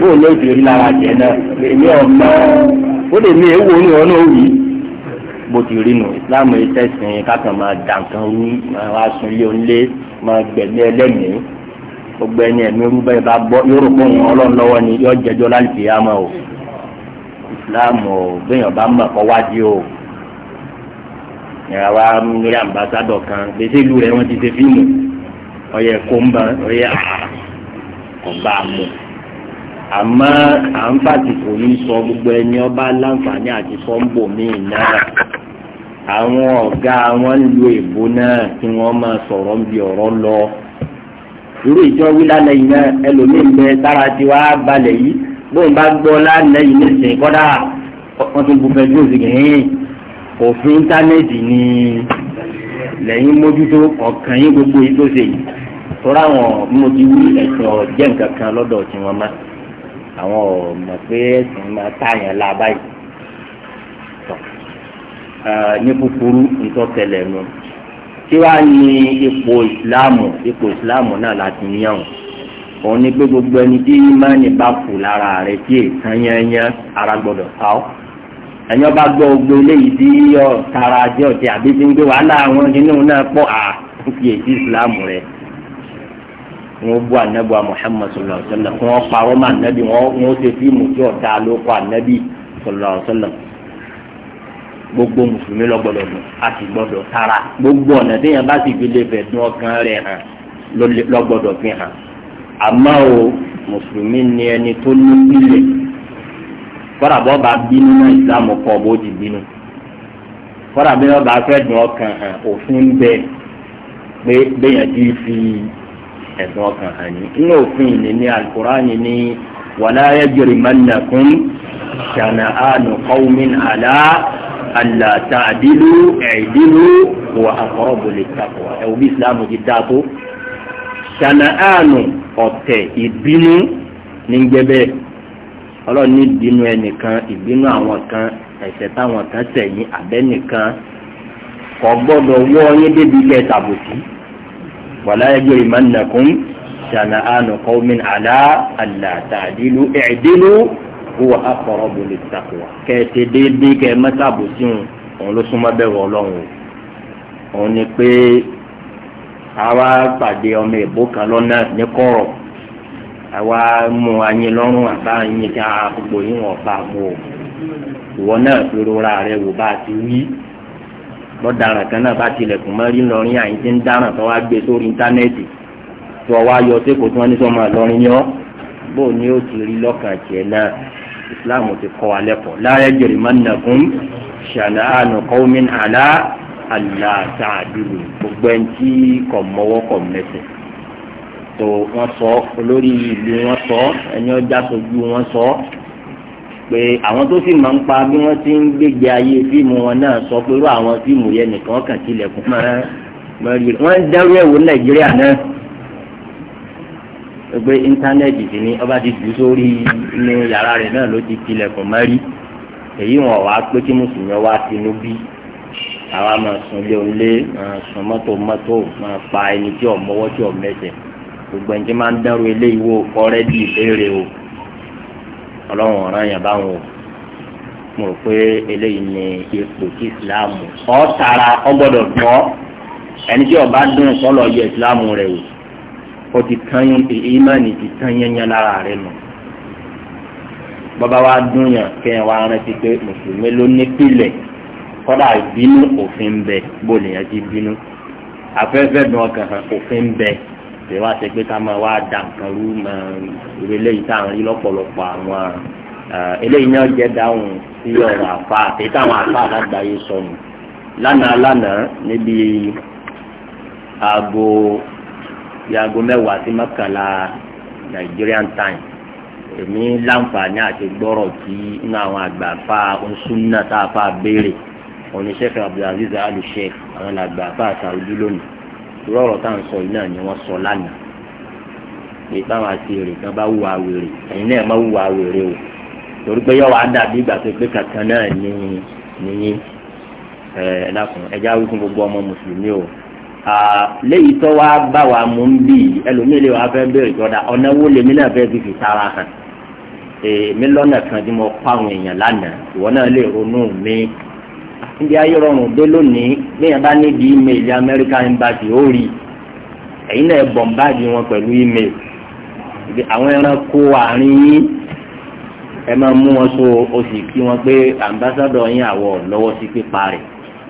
bó ló ti rí lára jẹ náà èmi ọmọ ó lè mi èèwọ̀ ní ọ̀nà òwì bó ti rí nù islam ìtẹ̀sìn kákan máa dà nǹkan rú máa wá sun ilé onílé máa gbẹ̀mí ẹlẹ́mìí gbogbo ẹni ẹ̀mí rúbẹ́ bá bọ́ yóò rò pé ọlọ́run lọ́wọ́ ni yóò jẹjọ́ láti fi yá mọ́ o islam ò béèyàn bá mọ̀ kọ́ wájú o ẹ̀rọ wa nílẹ̀ àmbásádọ̀ kan gbèsè ìlú rẹ̀ wọ́n ti ṣe fíìmù ọ̀yẹ kọ́ńbà ọ̀yẹ ọ̀bá ah, àmọ́ àmọ́ à ń fàtìkù ní sọ gbogbo ẹni ọba láǹfààní àti sọ́ńbò míì náà àwọn ọ̀gá wọn lu èbó náà kí wọ́n máa sọ̀rọ̀ ń bi ọ̀rọ̀ lọ irú ìjọ wí lánàá yìí náà ẹlòmíín bẹ tára tí wàá balẹ̀ yìí bóun bá gbọ́ lánàá yìí nísìnyí kọ́dà wọ́n tún bu fẹ́ẹ́ dúró sí kìíní òfin íńtánẹ́ẹ̀tì ni lẹ́yìn mójútó ọ̀kan yín gbogbo yìí tó ṣe yìí tọ́ra àwọn mójúwú ẹ̀sìn ọ̀jẹ́ nǹkan kan lọ́dọ̀ tí wọ́n má àwọn ọ̀mọ̀ pé ẹ̀sìn máa táyàn la báyìí ní kúkúrú ntọ́tẹ̀lẹ̀ nù tí wàá ní ipò ìsìláàmù ipò ìsìláàmù náà láti níyàwó òun ni pé gbogbo ẹni tí ìmánì bá kù lára rẹ̀ tí èèkàn yẹn yẹn ara gbọ́dọ̀ sáwọ́ ẹ̀yin ọba gbọ́ gbogbo eléyìí tí yọ tara jẹ́ ọ̀tẹ̀ àbí tí ń gbé wàhálà àwọn nínú náà pọ̀ à ń fi èsì ìsìlámù rẹ̀ wọn bu anabi wa muhammad sallallahu alaihi wa sallam wọn parọ́ mọ́ anabi wọn ṣe fíìmù tí ọ̀tá ló kọ́ anabi sallallahu alaihi wa sallam gbogbo mùsùlùmí lọ́gbọ́dọ̀ dùn a sì gbọ́dọ̀ tara gbogbo ọ̀nà téèyàn bá sì fi lè fẹ̀ dún ọkàn rẹ̀ hàn lọ́gbọ́dọ̀ fi hàn àmọ́ o mùsùlùmí ni ẹni tó ní ilẹ̀ fọ́nà bọ́ bá bínú náà ìsìlámù kọ́ bó ti bínú fọ́nà bí wọ́n bá fẹ́ dùn ọkàn hàn òfin bẹ́ẹ̀ pé bẹ́yàn ti fi ẹ̀dùn ọkàn hàn ní. inú òfin ìní ní alukur'ani ní wàlá ayéjìrì mánàkún ṣànà àánú kọ́wmin àlá àlá tàdílù ẹ̀dílù wà àkọ́rọ̀bù lè takọ̀ ẹ̀ òbí ìsìlámù ti dáa tó ṣànà àánú ọ̀tẹ̀ ìbínú ní gbẹ́bẹ́ẹ́ ọlọ́run ní ìbínú ẹnìkan ìbínú àwọn kan ẹ̀ṣẹ̀ táwọn kan tẹ̀yìn àbẹ́nìkan kò gbọ́dọ̀ wọ́ yín débi ilẹ̀ tàbùtì wàlá ẹjọ́ ìmọ̀nàkún ṣànà àánú kọ́mìn àlá àlá tàdílù ẹ̀ẹ́dínú huwa aqrabu lit-taqwa kẹ́ẹ̀tẹ́ déédéé kẹ́ẹ̀ mẹ́tàbùtì òun ló súnmọ́ bẹ́ẹ̀ wọ ọlọ́run òun ni pé àwa pàdé ọmọ ìbò kan lọ́nà ní kọ́rọ̀ àwa mú anyi lọ́rùn àbá anyi ká gbogbo yín wọ̀ bá mú o ìwọ náà fi rora rẹ wò bá a ti wí lọ́daràn kan náà bá tilẹ̀kùn mọ́rí lọ́rin àyín tí ń dáràn tó wá gbé sórí íńtánẹ́ẹ̀tì tó wá yọ sí kò tí wọ́n ní sọ́mọ́ lọ́rin yọ bó o ní ti rí lọ́kàn tiẹ̀ náà ìsìláàmù ti kọ́ wa lẹ́kọ̀ọ́ láyé jèrè má nàkún ṣàlà àánú kọ́wọ́mí àlá àlá tààdùrù gbogbo ẹni tí kò mọ́wọ́ kò mẹ́sẹ̀ ètò wọn sọ olórí ìlú wọn sọ ẹni ọjà sojú wọn sọ pé àwọn tó sì máa ń pa bí wọ́n ti ń gbégbé ayé fíìmù wọn náà sọ pé irú àwọn fíìmù yẹn nìkan kàn tilẹ̀kùn máa wọ́n ń dẹ́rù ẹ̀wò nàìjíríà náà pé íńtánẹ́ẹ̀tì sì ni ọba ti dùn sórí inú yàrá rẹ̀ náà ló ti tilẹ̀kùn mọ́rí èyí wọn wàá pé kí mùsùlùmí wá sínú àwa máa sun ilé onílé máa sun mọ́tò mọ́tò máa pa ẹni tí ò mọ́wọ́ tí ò mẹ́sẹ̀ gbogbo ẹni tí máa ń dẹ́rù eléyìí wo ọ̀rẹ́ di ìbéèrè o ọlọ́run ọ̀ràn yẹn báwọn o mo rò pé eléyìí ni ipò tí ìsìláàmù ọ̀ tara ọ gbọ́dọ̀ gbọ́ ẹni tí ọba dùn sọlọ yẹ ìsìláàmù rẹ o ó ti tán yín ìmánì ti tán yẹn yẹn lára rẹ nù bàbá wa dùn yàn kẹ́ ẹ wá rántí pé mùsùlùmí ló ní pìlẹ̀ kọ́dà ìbínú òfin bẹ bó lè ti bínú afẹ́fẹ́ dùn ọkàn òfin bẹ ṣe wá ṣe pé ká máa wá da nǹkan rú mọ irú eléyìí tá à ń àwọn eléyìí náà jẹ́ dáhùn sí ọ̀rọ̀ àfa àti táwọn àfa àlágbáyé sọnù lánàá lánàá níbi aago yaago mẹ́wàá sí mọ́kànlá Nigerian time èmi láǹfààní àti gbọ́rọ̀ tí inú àwọn àgbààfà oṣùnà tá a fà béèrè oníṣẹ́fẹ̀ Abdulaziz alu sheikh àwọn àgbààfà àtàwùjú lónìí rọrọ tá à ń sọ yìí náà ni wọn sọ lánàá pé báwọn àti èrè kan bá wù àwèrè ẹyin náà má wù àwèrè o torí pé yọ wà á dàbí ìgbà pé pé kankan náà ní níyìn ẹ ẹ dákun ẹjẹ awi fún gbogbo ọmọ mùsùlùmí o léyìí tó wá bá wa mú ń bì í ẹlòmíì lè wá fẹ́ bèrè jọdá ọ̀nà wo lèmi náà fẹ́ fi fi tara hàn èmi lọ́nà kan tí mo pa àwọn èèyàn lánàá ìwọ náà lè ronú mi níbi ayé rọrùn dé lónìí léèyàn bá níbi ímeèlì American Embassy ó rí ẹ̀yin náà bọ̀m̀báàdì wọn pẹ̀lú ímeèlì àwọn ẹranko àárín yín ẹ máa mú wọn so o sì kí wọn pé ambassadọ yín àwọ̀ lọ́wọ́ sí pípa rẹ̀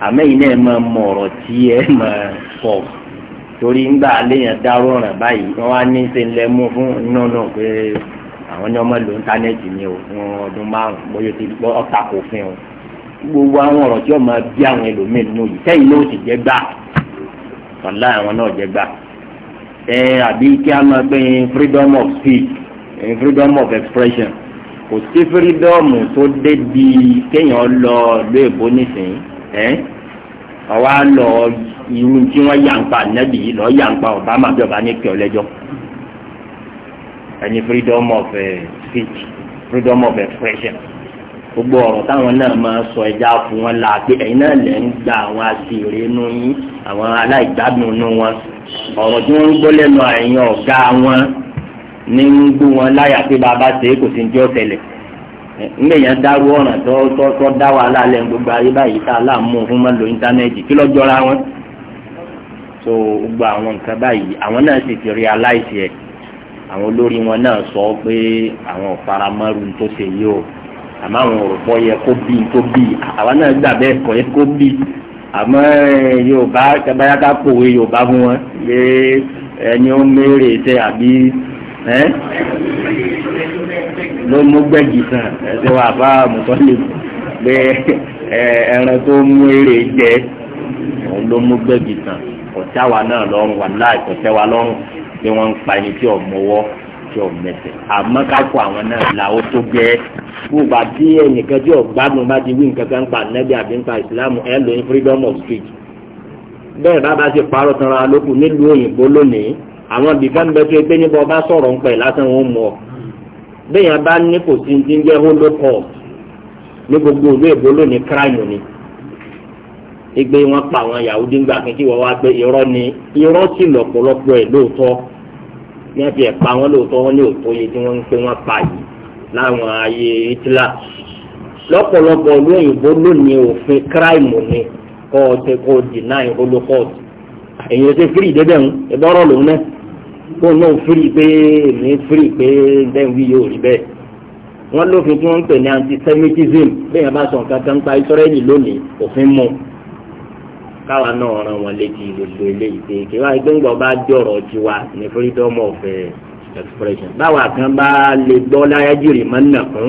àmẹ́yìn náà máa mọ ọ̀rọ̀ tí ẹ máa kọ̀ torí ńgbà léèyàn dárò ọ̀ràn báyìí wọ́n wá ní ṣe ń lẹ mú fún iná náà pé àwọn ní ọmọ lò íńtánẹ́ẹ̀tì ni o fún ọdún márùn-ún bóyá ó ti gbọ́ ọ̀tà fún un gbogbo àwọn ọ̀rọ̀ tí ọmọ bí àwọn ẹlòmíì nínú yìí sẹ́yìn ló ti jẹ́ gbà ọ̀la àwọn náà jẹ́ gbà ẹ àbí kí a máa gbé freedom of speech freedom of expression kò sí freedom tó dé di kéèyàn lọ ló èbó nísìnyí ẹ ọwọ́ á lọ irun tí wọ́n yà ń pa nẹ́bí yìí lọ́ọ́ yà ń pa obama bí ọba ní kí lẹ́jọ́ ẹni freedom of uh, speech freedom of expression gbogbo ọ̀rọ̀ táwọn náà máa sọ ẹja fún wọn là pé ẹ̀yin náà lẹ̀ ń gba àwọn àṣìírí inú yín àwọn aláìgbádùn inú wọn ọ̀rọ̀ tí wọ́n ń gbọ́ lẹ́nu àyìn ọ̀gá wọn ní ń gbó wọn láyà pé bàbá ṣe é kò sí jọ́ tẹ̀lẹ̀ ńgbẹ̀yàn dárú ọ̀ràn tó tó tó dá wàhálà lẹ́ gbogbo ayé báyìí tá a láàmú fún mọ́ lo íńtánẹ́ẹ̀tì kí lọ́ọ́ jọra wọn so gbogbo àwọn nǹkan báyìí àwọn náà sì ti realize ẹ̀ àwọn olórí wọn náà sọ pé àwọn ò faramọ́rù tó ṣe yìí o àmọ́ àwọn òrùpọ̀ yẹ kó bí kó bí àwa náà gbà bẹ́ẹ̀ kọ́ yẹ kó bí àmọ́ eh, yorùbá tabayaka kòwe yorùbá fún wọn lé ẹni ó mérè tẹ àbí ẹ ló mú gbẹ̀gì sàn ẹsẹ̀ wà bá mùsọ́lì pé eh, ẹran tó mú èrè jẹ òun ló mú gbẹ̀gì sàn kọ̀tẹ́ àwa náà lọ́rùn wà láì kọ̀tẹ́ wa lọ́rùn pé wọ́n ń pa ẹni tí ò mọ́wọ́ tí ò mẹsẹ̀ àmọ́ ká kó àwọn náà là ó tó gẹ́ fúnba tí ẹnìkan tí ọ̀gbádùn bá ti wí nǹkan kan pa nẹ́bí àbí nípa ìsìlámù ẹ lóyún freedom of speech bẹ́ẹ̀ bá bá ṣe parọ́ tanra lókù nílùú òyìnbó lónìí àwọn ibìkan bẹ tó ẹ pé níbo ọba sọ̀rọ̀ ń pẹ̀ lásán wọn mọ̀ bẹ́ẹ̀ yẹn bá ní kò sí ti ń jẹ́ holocaust ní gbogbo òlú èbó lónìí crime ni ìgbé wọn pa àwọn yahoo dín gbà kí wọ́n wá pé irọ́ ni irọ́ sì lọ̀pọ̀lọpọ̀ ẹ̀ lóòótọ́ ní wọ́n ti ẹ̀ pa wọ́n lóòótọ́ wọ́n ní òótọ́ yìí tí wọ́n ń pé wọ́n pa yìí láwọn ayé Hitler lọ́pọ̀lọpọ̀ olóyìnbó lónìí òfin kíráìmù ni kọ́ ọ ti kó deny holocaust èyí ṣe firi débẹ̀ ń ẹbọ́rọ̀ lòun náà kó náà firi pé èmi firi pé bẹ́ẹ̀ wí yóò rí bẹ́ẹ̀ wọ́n lófin tí wọ́n ń pè ní antisemitism bẹ́ẹ̀ yẹn bá sọ nǹkan kan pa Israẹli lónìí òfin mú un káwa náà ràn wọn létí gbogbo eléyìí pé kí wọ́n gbé ńgbọ́ bá jọ̀rọ̀ tiwa ní freedom of eh, expression báwa kan bá lè gbọ́ láyé jìrì mọ́ nà fún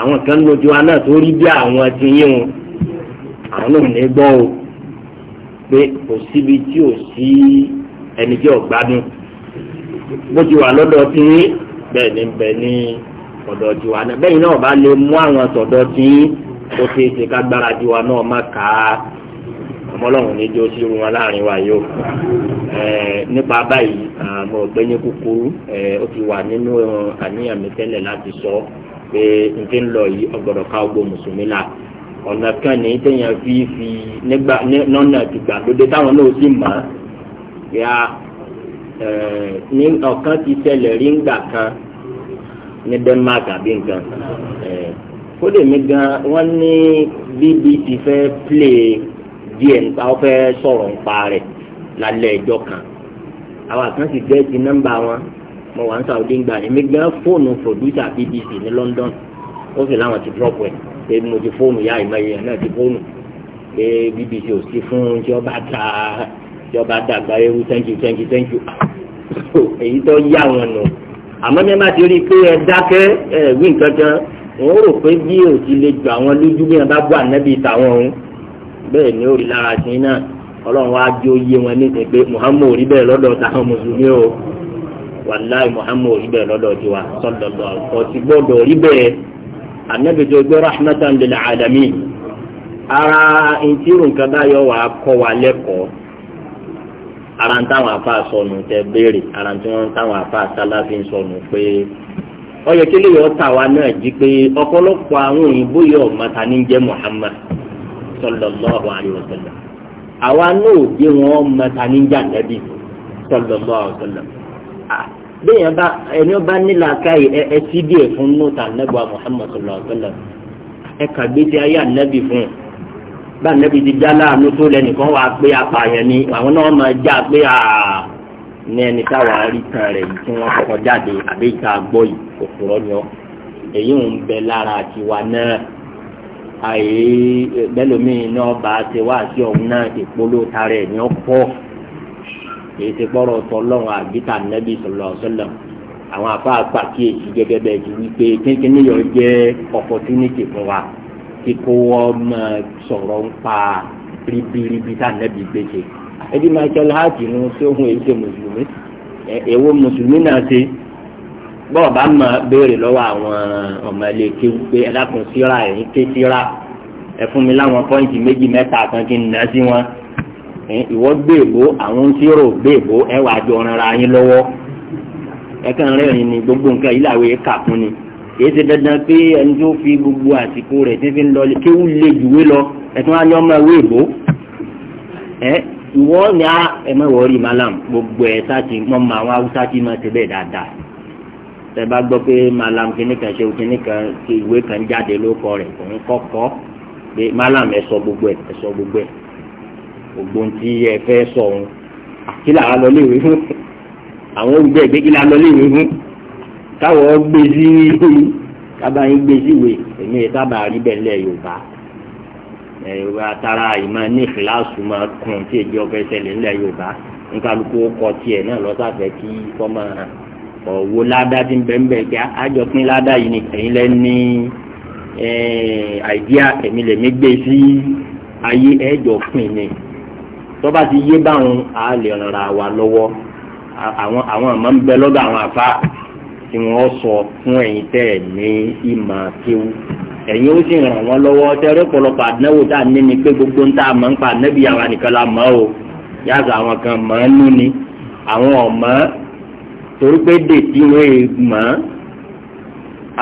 àwọn kan ló tiwa náà tó rí bí àwọn ti yín o àwọn náà ní gbọ́ o pé kò síbi tí ò sí ẹni tí ò gbádùn bó ti wà lọ́dọ̀ tí bẹ́ẹ̀ ni bẹ́ẹ̀ ni ọ̀dọ̀ tiwa náà bẹ́ẹ̀ náà bá lè mú àwọn sọ̀dọ̀ tí ó ti ṣe kágbára tiwa náà má kàá. ọmọlọ́run ní jẹ́ ó sì rú wa nípa báyìí àmọ́ ọ̀gbẹ́ kúkúrú ó ti wà nínú àníyàn mi tẹ́lẹ̀ láti sọ pé n ti ń lọ yìí ọgbọ̀dọ̀ ká mùsùlùmí ọ̀nà kan ní tẹ̀yàn fi fi nígbà nọ́nà táwọn náà sì mọ̀ yá ní ọ̀kan ti rí ńgbà kan ní denmark àbí nǹkan gan wọ́n ní fẹ́ play. díẹ̀ nípa ó fẹ́ sọ̀rọ̀ nípa rẹ̀ lálẹ́ ẹjọ́ kan àwọn kan sì gẹ́ ti nọ́mbà wọn mo wà ní Saudi gbà èmi gan fóònù producer BBC ní London ó sì láwọn ti drop ẹ̀ pé mo ti fóònù yá ìmọ̀ yẹn náà ti fóònù pé BBC ò sí fún tí ó bá ta tí ó bá dàgbà ewu thank you thank you thank you èyí tó yá wọn nù àmọ́ mi má ti rí i pé ẹ dákẹ́ ẹ wí nǹkan kan wọ́n rò pé bí òsì lè jù àwọn lójú bí wọn bá bọ́ ànábì tàwọn ọ̀hún. bẹ́ẹ̀ ni ó rí lára sí náà ọlọ́run wá jó yé wọn ní pé muhammed rí o wàláì muhammed bẹ́ẹ̀ lọ́dọ̀ tiwa sọ́dọ̀dọ̀ ọtí gbọ́dọ̀ rí bẹ́ẹ̀ anabi rahmatan ara ìtìrù nǹkan báyọ̀ wà á kọ́ wa lẹ́kọ̀ọ́ ara ń táwọn afa sọnù tẹ béèrè ara ń tí wọn ń táwọn afa sọnù pé ọyọ kí lè yọ ọta wa náà jí pé ọ̀pọ̀lọpọ̀ àwọn òyìnbó yọ sallallahu alaihi wasallam àwa náà gbé wọn mọta níjà nẹ́bí sallallahu alaihi wasallam bẹ́ẹ̀ bá ẹni ó bá nílà káyì ẹ ti díẹ̀ fún nùtà nẹ́bù Muhammad sallallahu alaihi wasallam ẹ kàgbé tí ayé ànẹ́bí fún un bá nẹ́bi ti já láàánú tó lẹ́nìkan wà pé apààyàn ni àwọn náà máa já pé àà ní ẹni táwa rí tan rẹ̀ yìí tí wọ́n kọ́kọ́ jáde àbí ìta gbọ́ yìí òpùrọ́ ni ọ́ èyí ń bẹ lára tiwa náà àyè bẹ́lòmíì náà bá a ṣe wá sí ọ̀hún náà ìpolówó tarẹ̀ ní ọ̀pọ̀ kì í ṣe pọ́rọ̀ tọ́lọ́run àgbéta nẹ́bí sọ̀lọ́ sọ́lọ́ àwọn afáà pàkíyèsí gẹ́gẹ́ bẹ́ẹ̀ ti wí pé kínkínní yọ jẹ́ opportunity fún wa kí kó wọ́n máa sọ̀rọ̀ ń pa ribiribi tá nẹ́bí gbèsè ẹbí michael hart ní sóhun èyí ṣe mùsùlùmí èwo mùsùlùmí náà ṣe bọ́ọ̀ bá mọ̀ béèrè lọ́wọ́ àwọn ọmọ ilé ké pé ẹ̀dákun síra ẹ̀yìn ké síra ẹ fún mi láwọn pọ́ìntì méjì mẹ́ta kan kí n nà sí wọn ìwọ gbèbó àwọn sírò gbèbó ẹ wàá jọ rara yín lọ́wọ́ ẹ kàn rẹ́rìn ni gbogbo nǹkan yìí làwọn èèyàn kà fún ni kìí ṣe dandan pé ẹni tó fi gbogbo àsìkò rẹ̀ tí fi ń lọlé kéwù lè jùwé lọ ẹ̀tún á ọmọ ìwé ìbò ẹ ìwọ ni a ẹ mọ̀ wọ́ọ́rì malam gbogbo ẹ̀ sáà ti mọ̀ mọ̀ àwọn haúsá ti mọ̀ ṣe dáadáa tẹ́bá gbọ́ pé malam kìíní kan ṣe kìíní kan kí ìwé kan jáde lóko rẹ̀ kò ń kọ́kọ́ pé malam ẹ sọ gbogbo ẹ ẹ sọ gbogbo ẹ gbogbo ti ẹ fẹ́ sọ òun kí làwọn lọ léwé fún àwọn olùgbé ẹgbẹ́ kí làwọn lọ léwé fún káwọn gbé sí kábàáyé gbé sí ìwé èmi ẹ sábà rí bẹ́ẹ̀ lẹ́ yorùbá yorùbá tara ìmọ̀ ní ìfìlàsù máa kùn tí èjì ọ̀fẹ́ ṣẹlẹ̀ ńlẹ̀ yorùbá nǹkan kó kọ tiẹ̀ náà lọ́sàfẹ́ kí kọ́ hàn ọ̀wọ́ ládá ti ń bẹ̀ ń bẹ̀ kí àjọ pín yìí ni ẹ̀yin lẹ́ ní àìdíà ẹ̀mí lèmi gbé sí ayé ẹ̀jọ̀ pín ni tọ́ba ti yé báwọn a lè wa wá lọ́wọ́ àwọn àwọn àmọ́ ń bẹ lọ́dọ̀ àwọn àfa tí wọ́n sọ fún ẹ̀yin tẹ́ ẹ̀ ní ìmọ̀ kéwú ẹ̀yin ó sì ràn wọ́n lọ́wọ́ tẹ́rẹ́ pọ̀lọpọ̀ àdánwò tá a ní ni pé gbogbo ń tá a mọ̀ ń pa ànábìyàwó nìkan la mọ̀ o yàtọ̀ àwọn kan mọ̀ ń nú ni àwọn ọ̀mọ́ torí pé dètí wọn è mọ́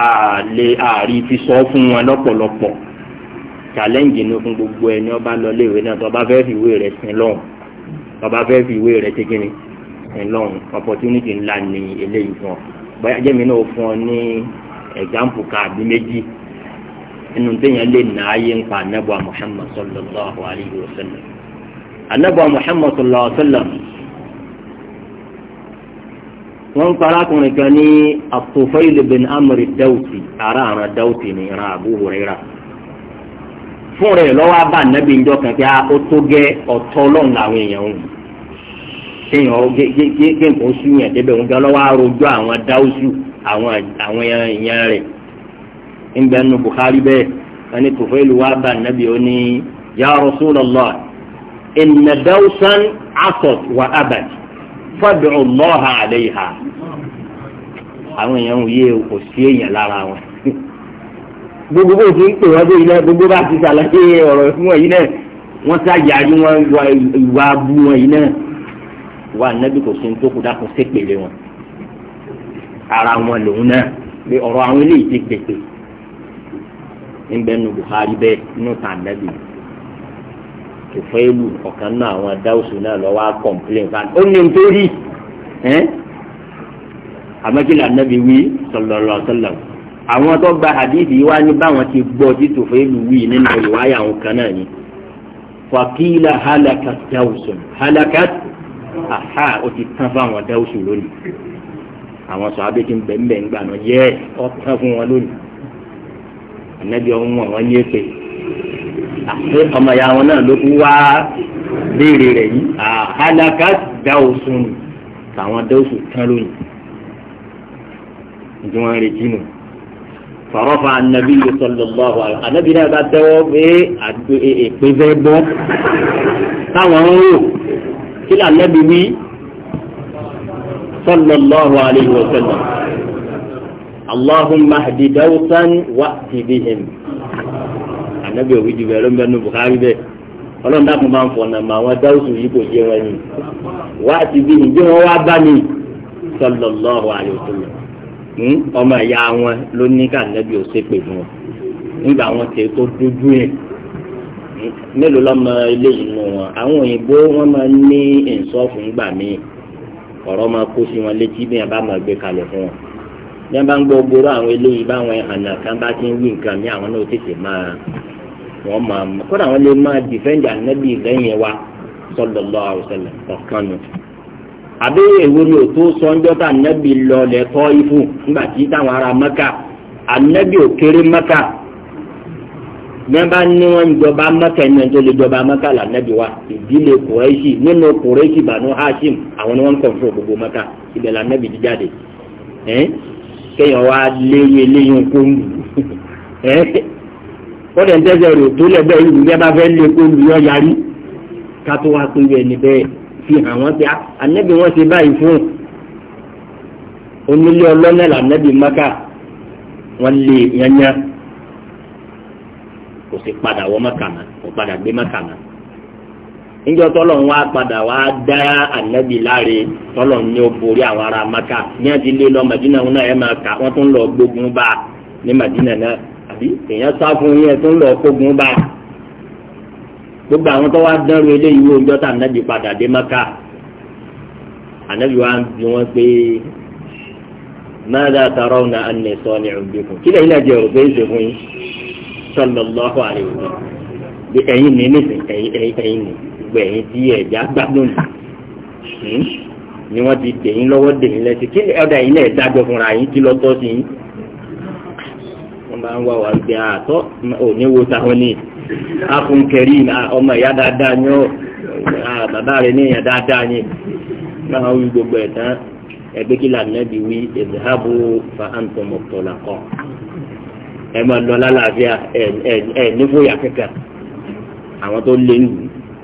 àlè àrí fi sọ fún wọn lọ́pọ̀lọpọ̀ challenge ni fún gbogbo ẹni ọba lọlé ìwé náà tọba fẹ́ fi ìwé rẹ̀ sin lọ́hùn tọba fẹ́ fi ìwé rẹ̀ ṣe kíni sin lọ́hùn opportunity ńlá ni eléyìí fún ọ bóyá jẹ́mi náà fún ọ ní example kan méjì inú téèyàn lè nà á yé nípa anábọ̀ muhammad sallallahu alayhi wa sallam anábọ̀ muhammad sallallahu alayhi wa sallam wọ́n ń para kùnrin kan ní At-Tufayl bin Amr Dawsi ara àrùn Dawsi ní ìran Abu Hurairah fún rẹ̀ lọ́wọ́ abá nàbí njọ́ kan kí a ó tó gẹ́ ọ̀tọ́ lọ́n làwọn èèyàn ń kéèyàn gé nǹkan sún yàn débẹ̀ ń gbọ́ lọ́wọ́ arojọ́ àwọn Dawsu àwọn èèyàn rẹ̀ ń bẹ́ẹ̀ nu Bukhari bẹ́ẹ̀ wọ́n ní Tufayl wá bá nàbí ó ní ya Rasulullah inna fad'u Allaha 'alayha àwọn èèyàn ń yé kò sí èèyàn lára wọn gbogbo bó ti ń pè wọ́n dé ilé gbogbo bá ti ṣàlàyé ọ̀rọ̀ fún wọn yìí náà wọ́n ṣàyàrí wọn ìwà abú wọn yìí náà wà nábì kò sí tó kù dákun sépèlé wọn ara wọn lòun náà pé ọ̀rọ̀ àwọn eléyìí ti gbèsè ń bẹ́ẹ̀ nu Buhari bẹ́ẹ̀ nínú tàn nábì tùfẹ́lù ọ̀kan náà àwọn dáwùsù náà lọ wá kọ̀m̀plẹ̀n fún un ó ní nítorí amákìlá nàbí wí sọlọlọ sọlọ àwọn tó gba hadithi wá ní báwọn ti gbọ́ tí tùfẹ́lù wí nínú ìwáyà àwọn kan náà ni fakila halakat dawson, halakat aha ó ti tán fáwọn dáwùsù lónìí àwọn sọ abẹ́ ti ń bẹ̀ ń bẹ̀ ń gbà náà yẹ ọ́ tán fún wọn lónìí ànábi ọ̀hún wọn wọn yé àti ọmọ ìyá wọn náà ló tún wá béèrè rẹ̀ yìí àhálàkà dáwòsùn tàwọn dáwòsùn tán lónìí ìdí wọn retí nù fàrọ́fà anabi sallallahu alaihi wasallam anabi náà bá tẹ́wọ́ pé èpè e, e, fẹ́ táwọn ń rò kí là anabi wí
sallallahu alaihi wasallam
allahumma hadi dawsan wa'ti bihim ànábì òwì jù bẹ́ẹ̀ ló ń bẹ́ẹ̀ nu Buhari bẹ́ẹ̀ ọlọ́run dàkún bá ń fọ̀nà mà àwọn dáwùsù yìí kò jẹ́ wọn ni wá ti bí ní bí wọ́n wá bá mi sallallahu alaihi wasallam hmm? ọmọ ìyá wọn ló ní ká ànábì ò ṣépè fún wọn nígbà wọn tẹ tó dójú yẹn mélòó lọ́mọ eléyìí nù wọn àwọn òyìnbó wọn máa ń ní ìǹsọ́ọ̀fù ńgbà míì ọ̀rọ̀ máa kó sí wọn létí bí wọn bá máa gbé kalẹ̀ fún wọn bí wọn bá ń gbọ́ gbóró àwọn eléyìí báwọn ìhànà kan bá ti ń wí nǹkan ní àwọn náà tètè máa wọ́n máa mọ̀ kódà wọ́n lè máa dìfẹ́ǹdì ànábì lẹ́yìn wa sallallahu alaihi wasallam ọ̀kan nù. àbí èwo ò tó sọ ńjọ́ tá ànábì lọ lẹ́kọ́ ifù nígbà tí táwọn ará mẹ́kà ànábì ò kéré mẹ́kà mẹ́bà ní wọn jọba mẹ́kà ní ẹjọ́ lè jọba wa ìdílé kùrẹ́sì nínú kùrẹ́sì bànú hashim àwọn ni wọ́n gbogbo ibẹ̀ ti jáde kéèyàn wá léyìn léyìn kó ń <laughs> kọ́dẹ̀ ń tẹ́sẹ̀ rò tó lẹ́gbẹ́ yìí bí ẹ bá fẹ́ lé kó lu yọyarí ká tó wá pé ẹni bẹ́ẹ̀ fi hàn wọ́n pé anẹ́bí ah, wọ́n ṣe báyìí fún onílé ọlọ́nà lànẹ́bí maka wọ́n lé yányá kò sì padà wọ́n mọ́kànà kò padà gbé mọ́kànà níjọ tọ́lọ̀ ń wá padà wá dá ànábì láre tọ́lọ̀ ní o borí àwọn ará maka ní àti lé lọ màdínà wọn náà ẹ máa kà wọ́n tún lọ gbógun bá ní màdínà náà sí èèyàn sá fún yín ẹ tó ń lọ kógun bá gbogbo àwọn tó wá dánrù eléyìí wo ìjọ tá ànábì padà dé mọ́ká ànábì wa ń bi wọ́n pé ماذا ترون أني صانع بكم كده إلى جاو بيزهون صلى الله عليه وسلم بأين نسي أي أي أي بأين تيه جا بعدون ni wọ́n ti dèyìn lọ́wọ́ dèyìn lẹ́sìn kí ni ọ̀dà yìí náà dájọ́ fúnra yín kí lọ́tọ́ sí yín máa ń wá wà gbé àtọ́ òní wo táwọn ní afúnkẹrí ọmọ ìyá dáadáa ní ọ bàbá rẹ ní ìyá dáadáa ní náà wí gbogbo ẹ̀ tán ẹgbẹ́ kí lànàbí wí ìdáàbò fa àǹtọ̀mọ̀ tọ̀là kan ẹ máa lọ lálàáfíà ẹ ẹ nífòyà kẹkẹ àwọn tó lé nù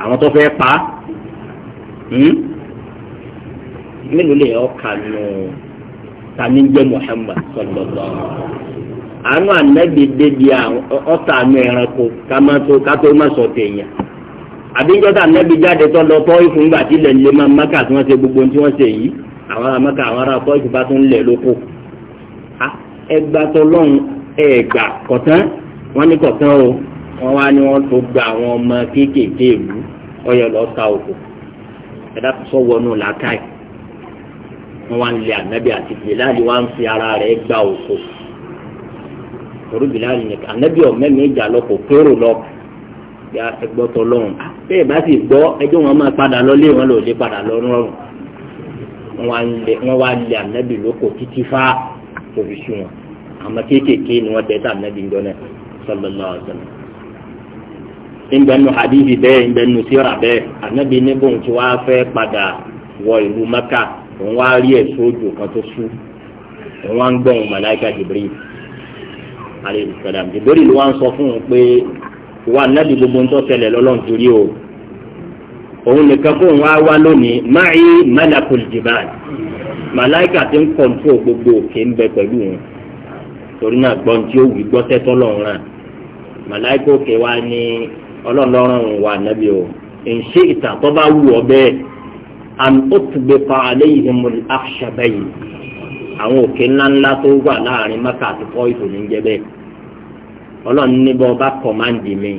àwọn tó fẹ́ pa hmm? mélòó lè yọ nù tani jẹ́ muhammad sọlọ́lọ́ àánú ànẹ́bí débi ọ̀tà àánú ẹranko kátó má sọ tèèyàn àbíjọ́tà ànẹ́bí jáde tó lọ tọ́ ìfún ìgbà tí ilẹ̀ lè máa máka tí wọ́n ṣe gbogbo tí wọ́n ṣe yìí àwọn ará máka àwọn ará tọ́ ìfúnpá tó ń lẹ̀ lóko ẹgbà tó lọ́hùn ẹ̀ẹ̀gbà kọ̀tán wọ́n ní kọ̀tán o wọ́n wá ní wọ́n tó gba àwọn ọmọ kéékèèké ìlú ọyọ̀ lọ ta òkò ẹ̀dá sọ̀wọ́nù làákàyè wọ́n wá ń lé ànẹ́bí àti ìlàlí wá ń fi ara rẹ̀ gba òkò torí bilali nìkan anabi ọ̀mẹ́mi ìjà lọ kò kérò lọ ya ẹgbọ́ tọ lọ́run ah, bẹ́ẹ̀ bá sì gbọ́ ẹjọ́ wọn máa padà lọ lé wọn lò lé padà lọ rọrùn wọn wá lé anabi lóko títí fá òbí sùn wọn àmọ́ kéékèèké ni wọ́n tẹ́tà anabi ń dọ́nà sallallahu alaihi wasallam ìgbẹ́nu hadithi bẹ́ẹ̀ ìgbẹ́nu síra bẹ́ẹ̀ anabi ní bóun ti wá fẹ́ padà wọ ìlú maka òun wá rí ẹ̀sọ́ òjò kan tó sú òun wá ń gbọ́ òun màláìka jibril aleyhi salam jìbìrì ló wá ń sọ fún un pé ìwà nàbì gbogbo ń tọ́ tẹ̀lẹ̀ lọ́lọ́run torí o òun nìkan kó òun wá wá lónìí máyì malakul jibal malaika ti ń kọ̀ǹtò gbogbo òkè ń bẹ pẹ̀lú wọn torí náà gbọ́n tí ó wù gbọ́ tẹ́tọ́ lọ́run rà malaika òkè wa ní ọlọ́lọ́run wà nàbì o ìṣe ìtàkọ́ bá wù ọ bẹ́ẹ̀ an ó tùgbẹ́ pa àlẹ́ ni mo lè àṣà bẹ́yìí àwọn òkè ńláńlá tó wà láàrin maka àti pọ́ìtù ní jẹ́ bẹ́ẹ̀ ọlọ́run ní bọ́ bá kọ̀máǹdì mi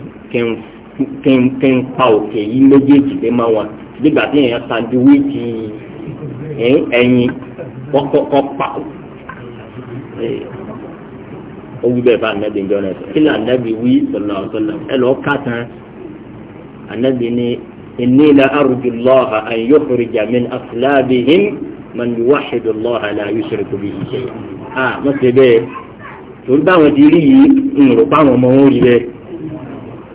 kí n pa òkè yìí méjèèjì lé máa wọn nígbà tí èèyàn sandiwíìtì ẹyin kọ́kọ́ pa ó wí bẹ́ẹ̀ bá anabi ìjọ náà kí ni anabi wí sọlọ sọlọ ẹ lọ ká tán anabi ní inni la arju Allah an yukhrija min aslabihim man yuwahidu Allah la yushriku bihi shay'a ah má ṣe bẹ́ẹ̀ tó ń báwọn ti rí yìí ń rò báwọn ọmọ wọn rí bẹ́ẹ̀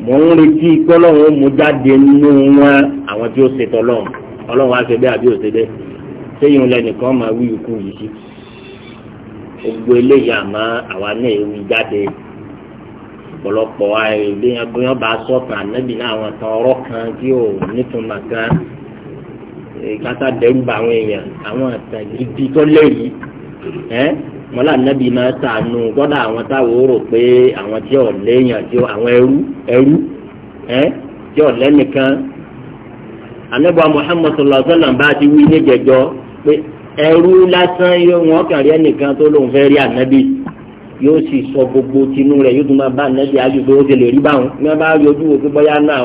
mọ̀ ń retí kọ́lọ́hún mú jáde nínú wọn àwọn tí ó ṣe tọ́lọ́hún ọlọ́run á ṣe bẹ́ẹ̀ àbí ò ṣe bẹ́ẹ̀ sẹ́yìn lẹ́nìkan máa wí ikú yìí sí gbogbo eléyìí àmọ́ àwa náà ewu jáde ọ̀pọ̀lọpọ̀ àìrègbéyàn bóyá bá sọ̀tàn ànábì náà àwọn kan ọ̀rọ̀ kan tí ò nítumọ̀ kan kátà dẹ́rùbà àwọn èèyàn àwọn àtàn gidi tó léyìí ẹ́ wọn là máa sànù àwọn táwọn rò pé àwọn tí ò léyàn àwọn ẹrú ẹrú tí ò lẹ́nìkan bá ti wí níjẹjọ pé ẹrú lásán wọn kàn rí ẹnìkan tó lóun fẹ́ rí ànábì yóò sì sọ gbogbo tinú yóò tún máa bá ànábì àjùbọ̀ ó ti lè rí báwọn ní wọn bá bọ́yá náà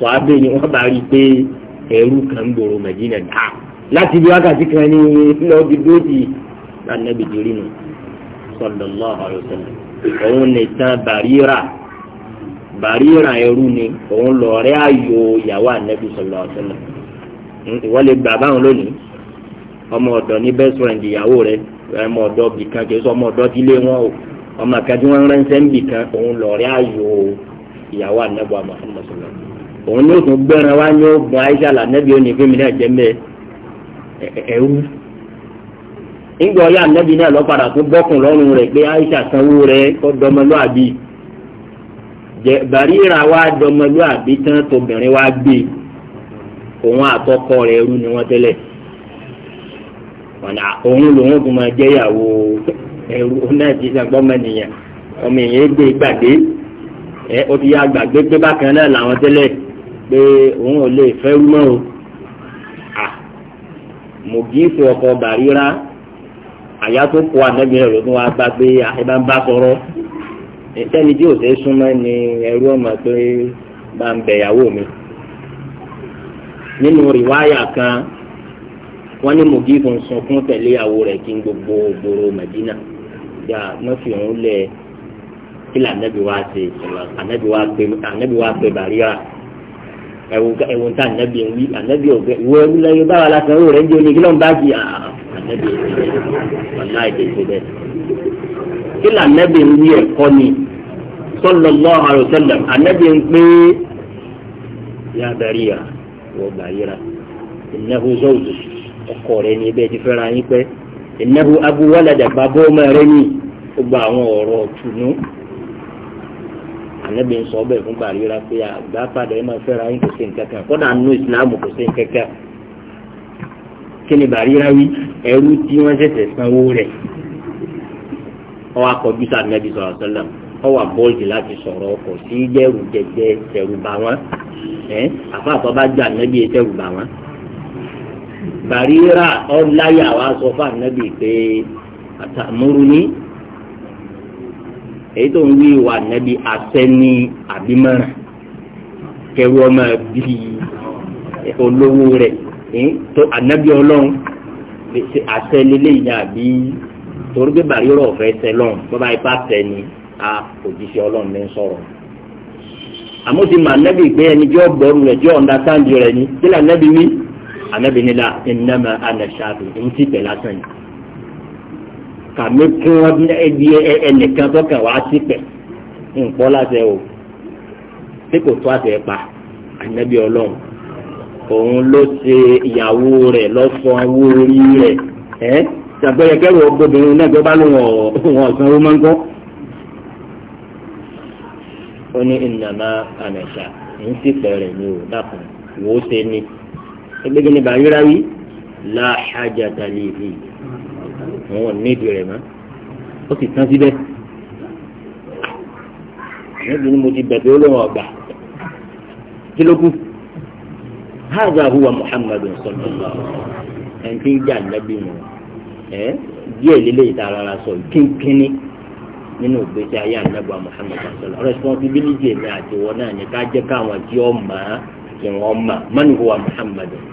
sọ abẹ́ ni wọ́n ẹ̀rú kan gbòòrò mẹ̀dínà dá láti ibi wákàtí kan ní lọ́ọ́dì dóòtì lánàbì dìrì nù sallallahu alaihi wasallam òun ní tán bàríra bàríra ẹ̀rú ni òun lọ́ọ̀rẹ́ ayò ìyàwó ànàbì sallallahu alaihi wasallam ìwọ́n lè gbà báwọn lónìí ọmọ ọ̀dọ̀ ní best friend ìyàwó rẹ̀ ọmọ ọ̀dọ̀ bì kan kì í sọ ọmọ ọ̀dọ̀ ti lé wọn o ọmọ àkàtúwọ̀n ránṣẹ́ ń bì kan òun lọ́ọ̀rẹ́ ayò ìyàwó ànàbì
Muhammad sallallahu
òun ní òtún gbẹ́ran wá ní oògùn aisha lànàbí ó ní fíìmù náà jẹ́ mẹ́ ẹ̀rú nígbà ọyá ànàbí náà lọ́padà tó bọ́kùn lọ́rùn rẹ̀ pé aisha sanwó rẹ̀ kọ́ dọmọlúàbí bàríra wá dọmọlúàbí tán tóbìnrin wá gbé òun àtọkọ rẹ̀ ẹ̀rú ni wọ́n tẹ́lẹ̀ òun lòun tó máa jẹ́ ìyàwó ẹ̀rú náà ti sàgbọ́mọ nìyẹn ọmọ èèyàn gbé gbàgbé ó ti yá gbàgbé pé bákan náà làwọn tẹ́lẹ̀ pé òun ò lè fẹ́ mọ́ o mo kì í fi ọkọ̀ bàríra àyà tó kọ ànábì rẹ̀ ló tún wá pé àìbá ń bá sọ̀rọ̀ ẹni tí ò sẹ́ súnmọ́ ni ẹrú ọmọ pé bá ń bẹ̀yàwó mi nínú rìwáyà kan wọ́n ní mogifu ń sunkún tẹ̀lé àwo rẹ̀ kí n gbogbo gbòòrò Madina ya mọ́fì òun lẹ̀ kí lànàbí wa ṣe ànàbí wa pè bàríà. ẹ̀wọ̀n tá ànábì ń wí ànábì ọ̀gbẹ́ ìwọ ẹrú báwa la sanwó rẹ̀ ń jẹ́ oníkí lọ́n bá jì ah, ah, ah,
ànábì ọ̀nà
ìdèjì bẹ́ẹ̀. kí lànábì ń wí ẹ̀kọ́ ni sọlọ lọ àròsọlọ ànábì ń pé yá darí à wọ́n gbà yíra ìnáwó zọ́ọ̀dù ọkọ rẹ̀ ní ibẹ̀ ti fẹ́ra yín pẹ́ ìnáwó ọmọ rẹ̀ àwọn ọ̀rọ̀ ànábì ń sọ ọbẹ̀ fún bàríra pé àgbà padà ẹ̀ máa fẹ́ra yín kò sí nǹkankan kódà nù ìsìlámù kò sí nǹkankan kí ni bàríra wí ẹrú tí wọ́n ṣẹ̀ṣẹ̀ sanwó rẹ̀ ọwọ́ akọjú sí ànábì sọ̀rọ̀ sọ́lá ọwọ́ àbọ́ọ̀lì láti sọ̀rọ̀ kò sí jẹ́rù jẹjẹ tẹ̀rù bà wọ́n ẹ̀ àfààfọ́ bá jẹ́ ànábì yẹn tẹ̀rù bà wọ́n bàríra ọ̀láyà wa sọ fún ànábì pé àtàmúrú ní èyí tó ń wí ìwà nẹ́bí asẹ́ni àbímọ́ràn kẹrù ọmọ bíi olówó rẹ̀ tó ànábì ọlọ́run àṣẹ lélẹ̀ ìyá àbí torí pé bàrí ọ̀rọ̀ ọ̀fẹ́ tẹ lọ́run bó ipá tẹ ni a òjíṣẹ́ ọlọ́run ní sọ̀rọ̀ àmọ́ ti mọ ànábì pé ẹni jẹ́ ọ̀gbọ́rù rẹ̀ jẹ́ ọ̀ndà sáǹdì rẹ̀ ni kí lànàbì wí ànábì nílà ìnáma ànàṣàbì ń tì pẹ̀ lásán yìí kàmí kún wọn ẹbí ẹnìkan tó kàn wá sí pẹ̀ nǹkan láṣẹ o tí kò tó àṣẹ pa ànábì ọlọ́run òun ló ṣe ìyàwó rẹ̀ lọ́sàn owó orí rẹ̀ ẹ́ ṣàgbẹ́yẹ kẹ́rù ọgbọ́bìnrin náà tó bá lóun ọ̀sán owó máa ń kọ́. ó ní ìnàmá àmẹ̀ṣà ń sì pẹ̀rẹ̀ ní o dákun wò ó ṣe ni ẹgbẹ́gẹ́ ni bàrírà wí láhàjà tàlẹ́ yìí. àwọn nídìí rẹ̀ mọ́ ó sì tán síbẹ̀ níbi ni mo ti kí ló kù huwa muhammadu sallallahu ẹni tí ń jà nábì mu ẹ díẹ̀ lélẹ́yìí tá a rárá sọ kínkínní nínú ìgbésí ayé ànágbà muhammed asọlá responsibility mi àti wọn náà ni ká jẹ káwọn tí ó mọ kí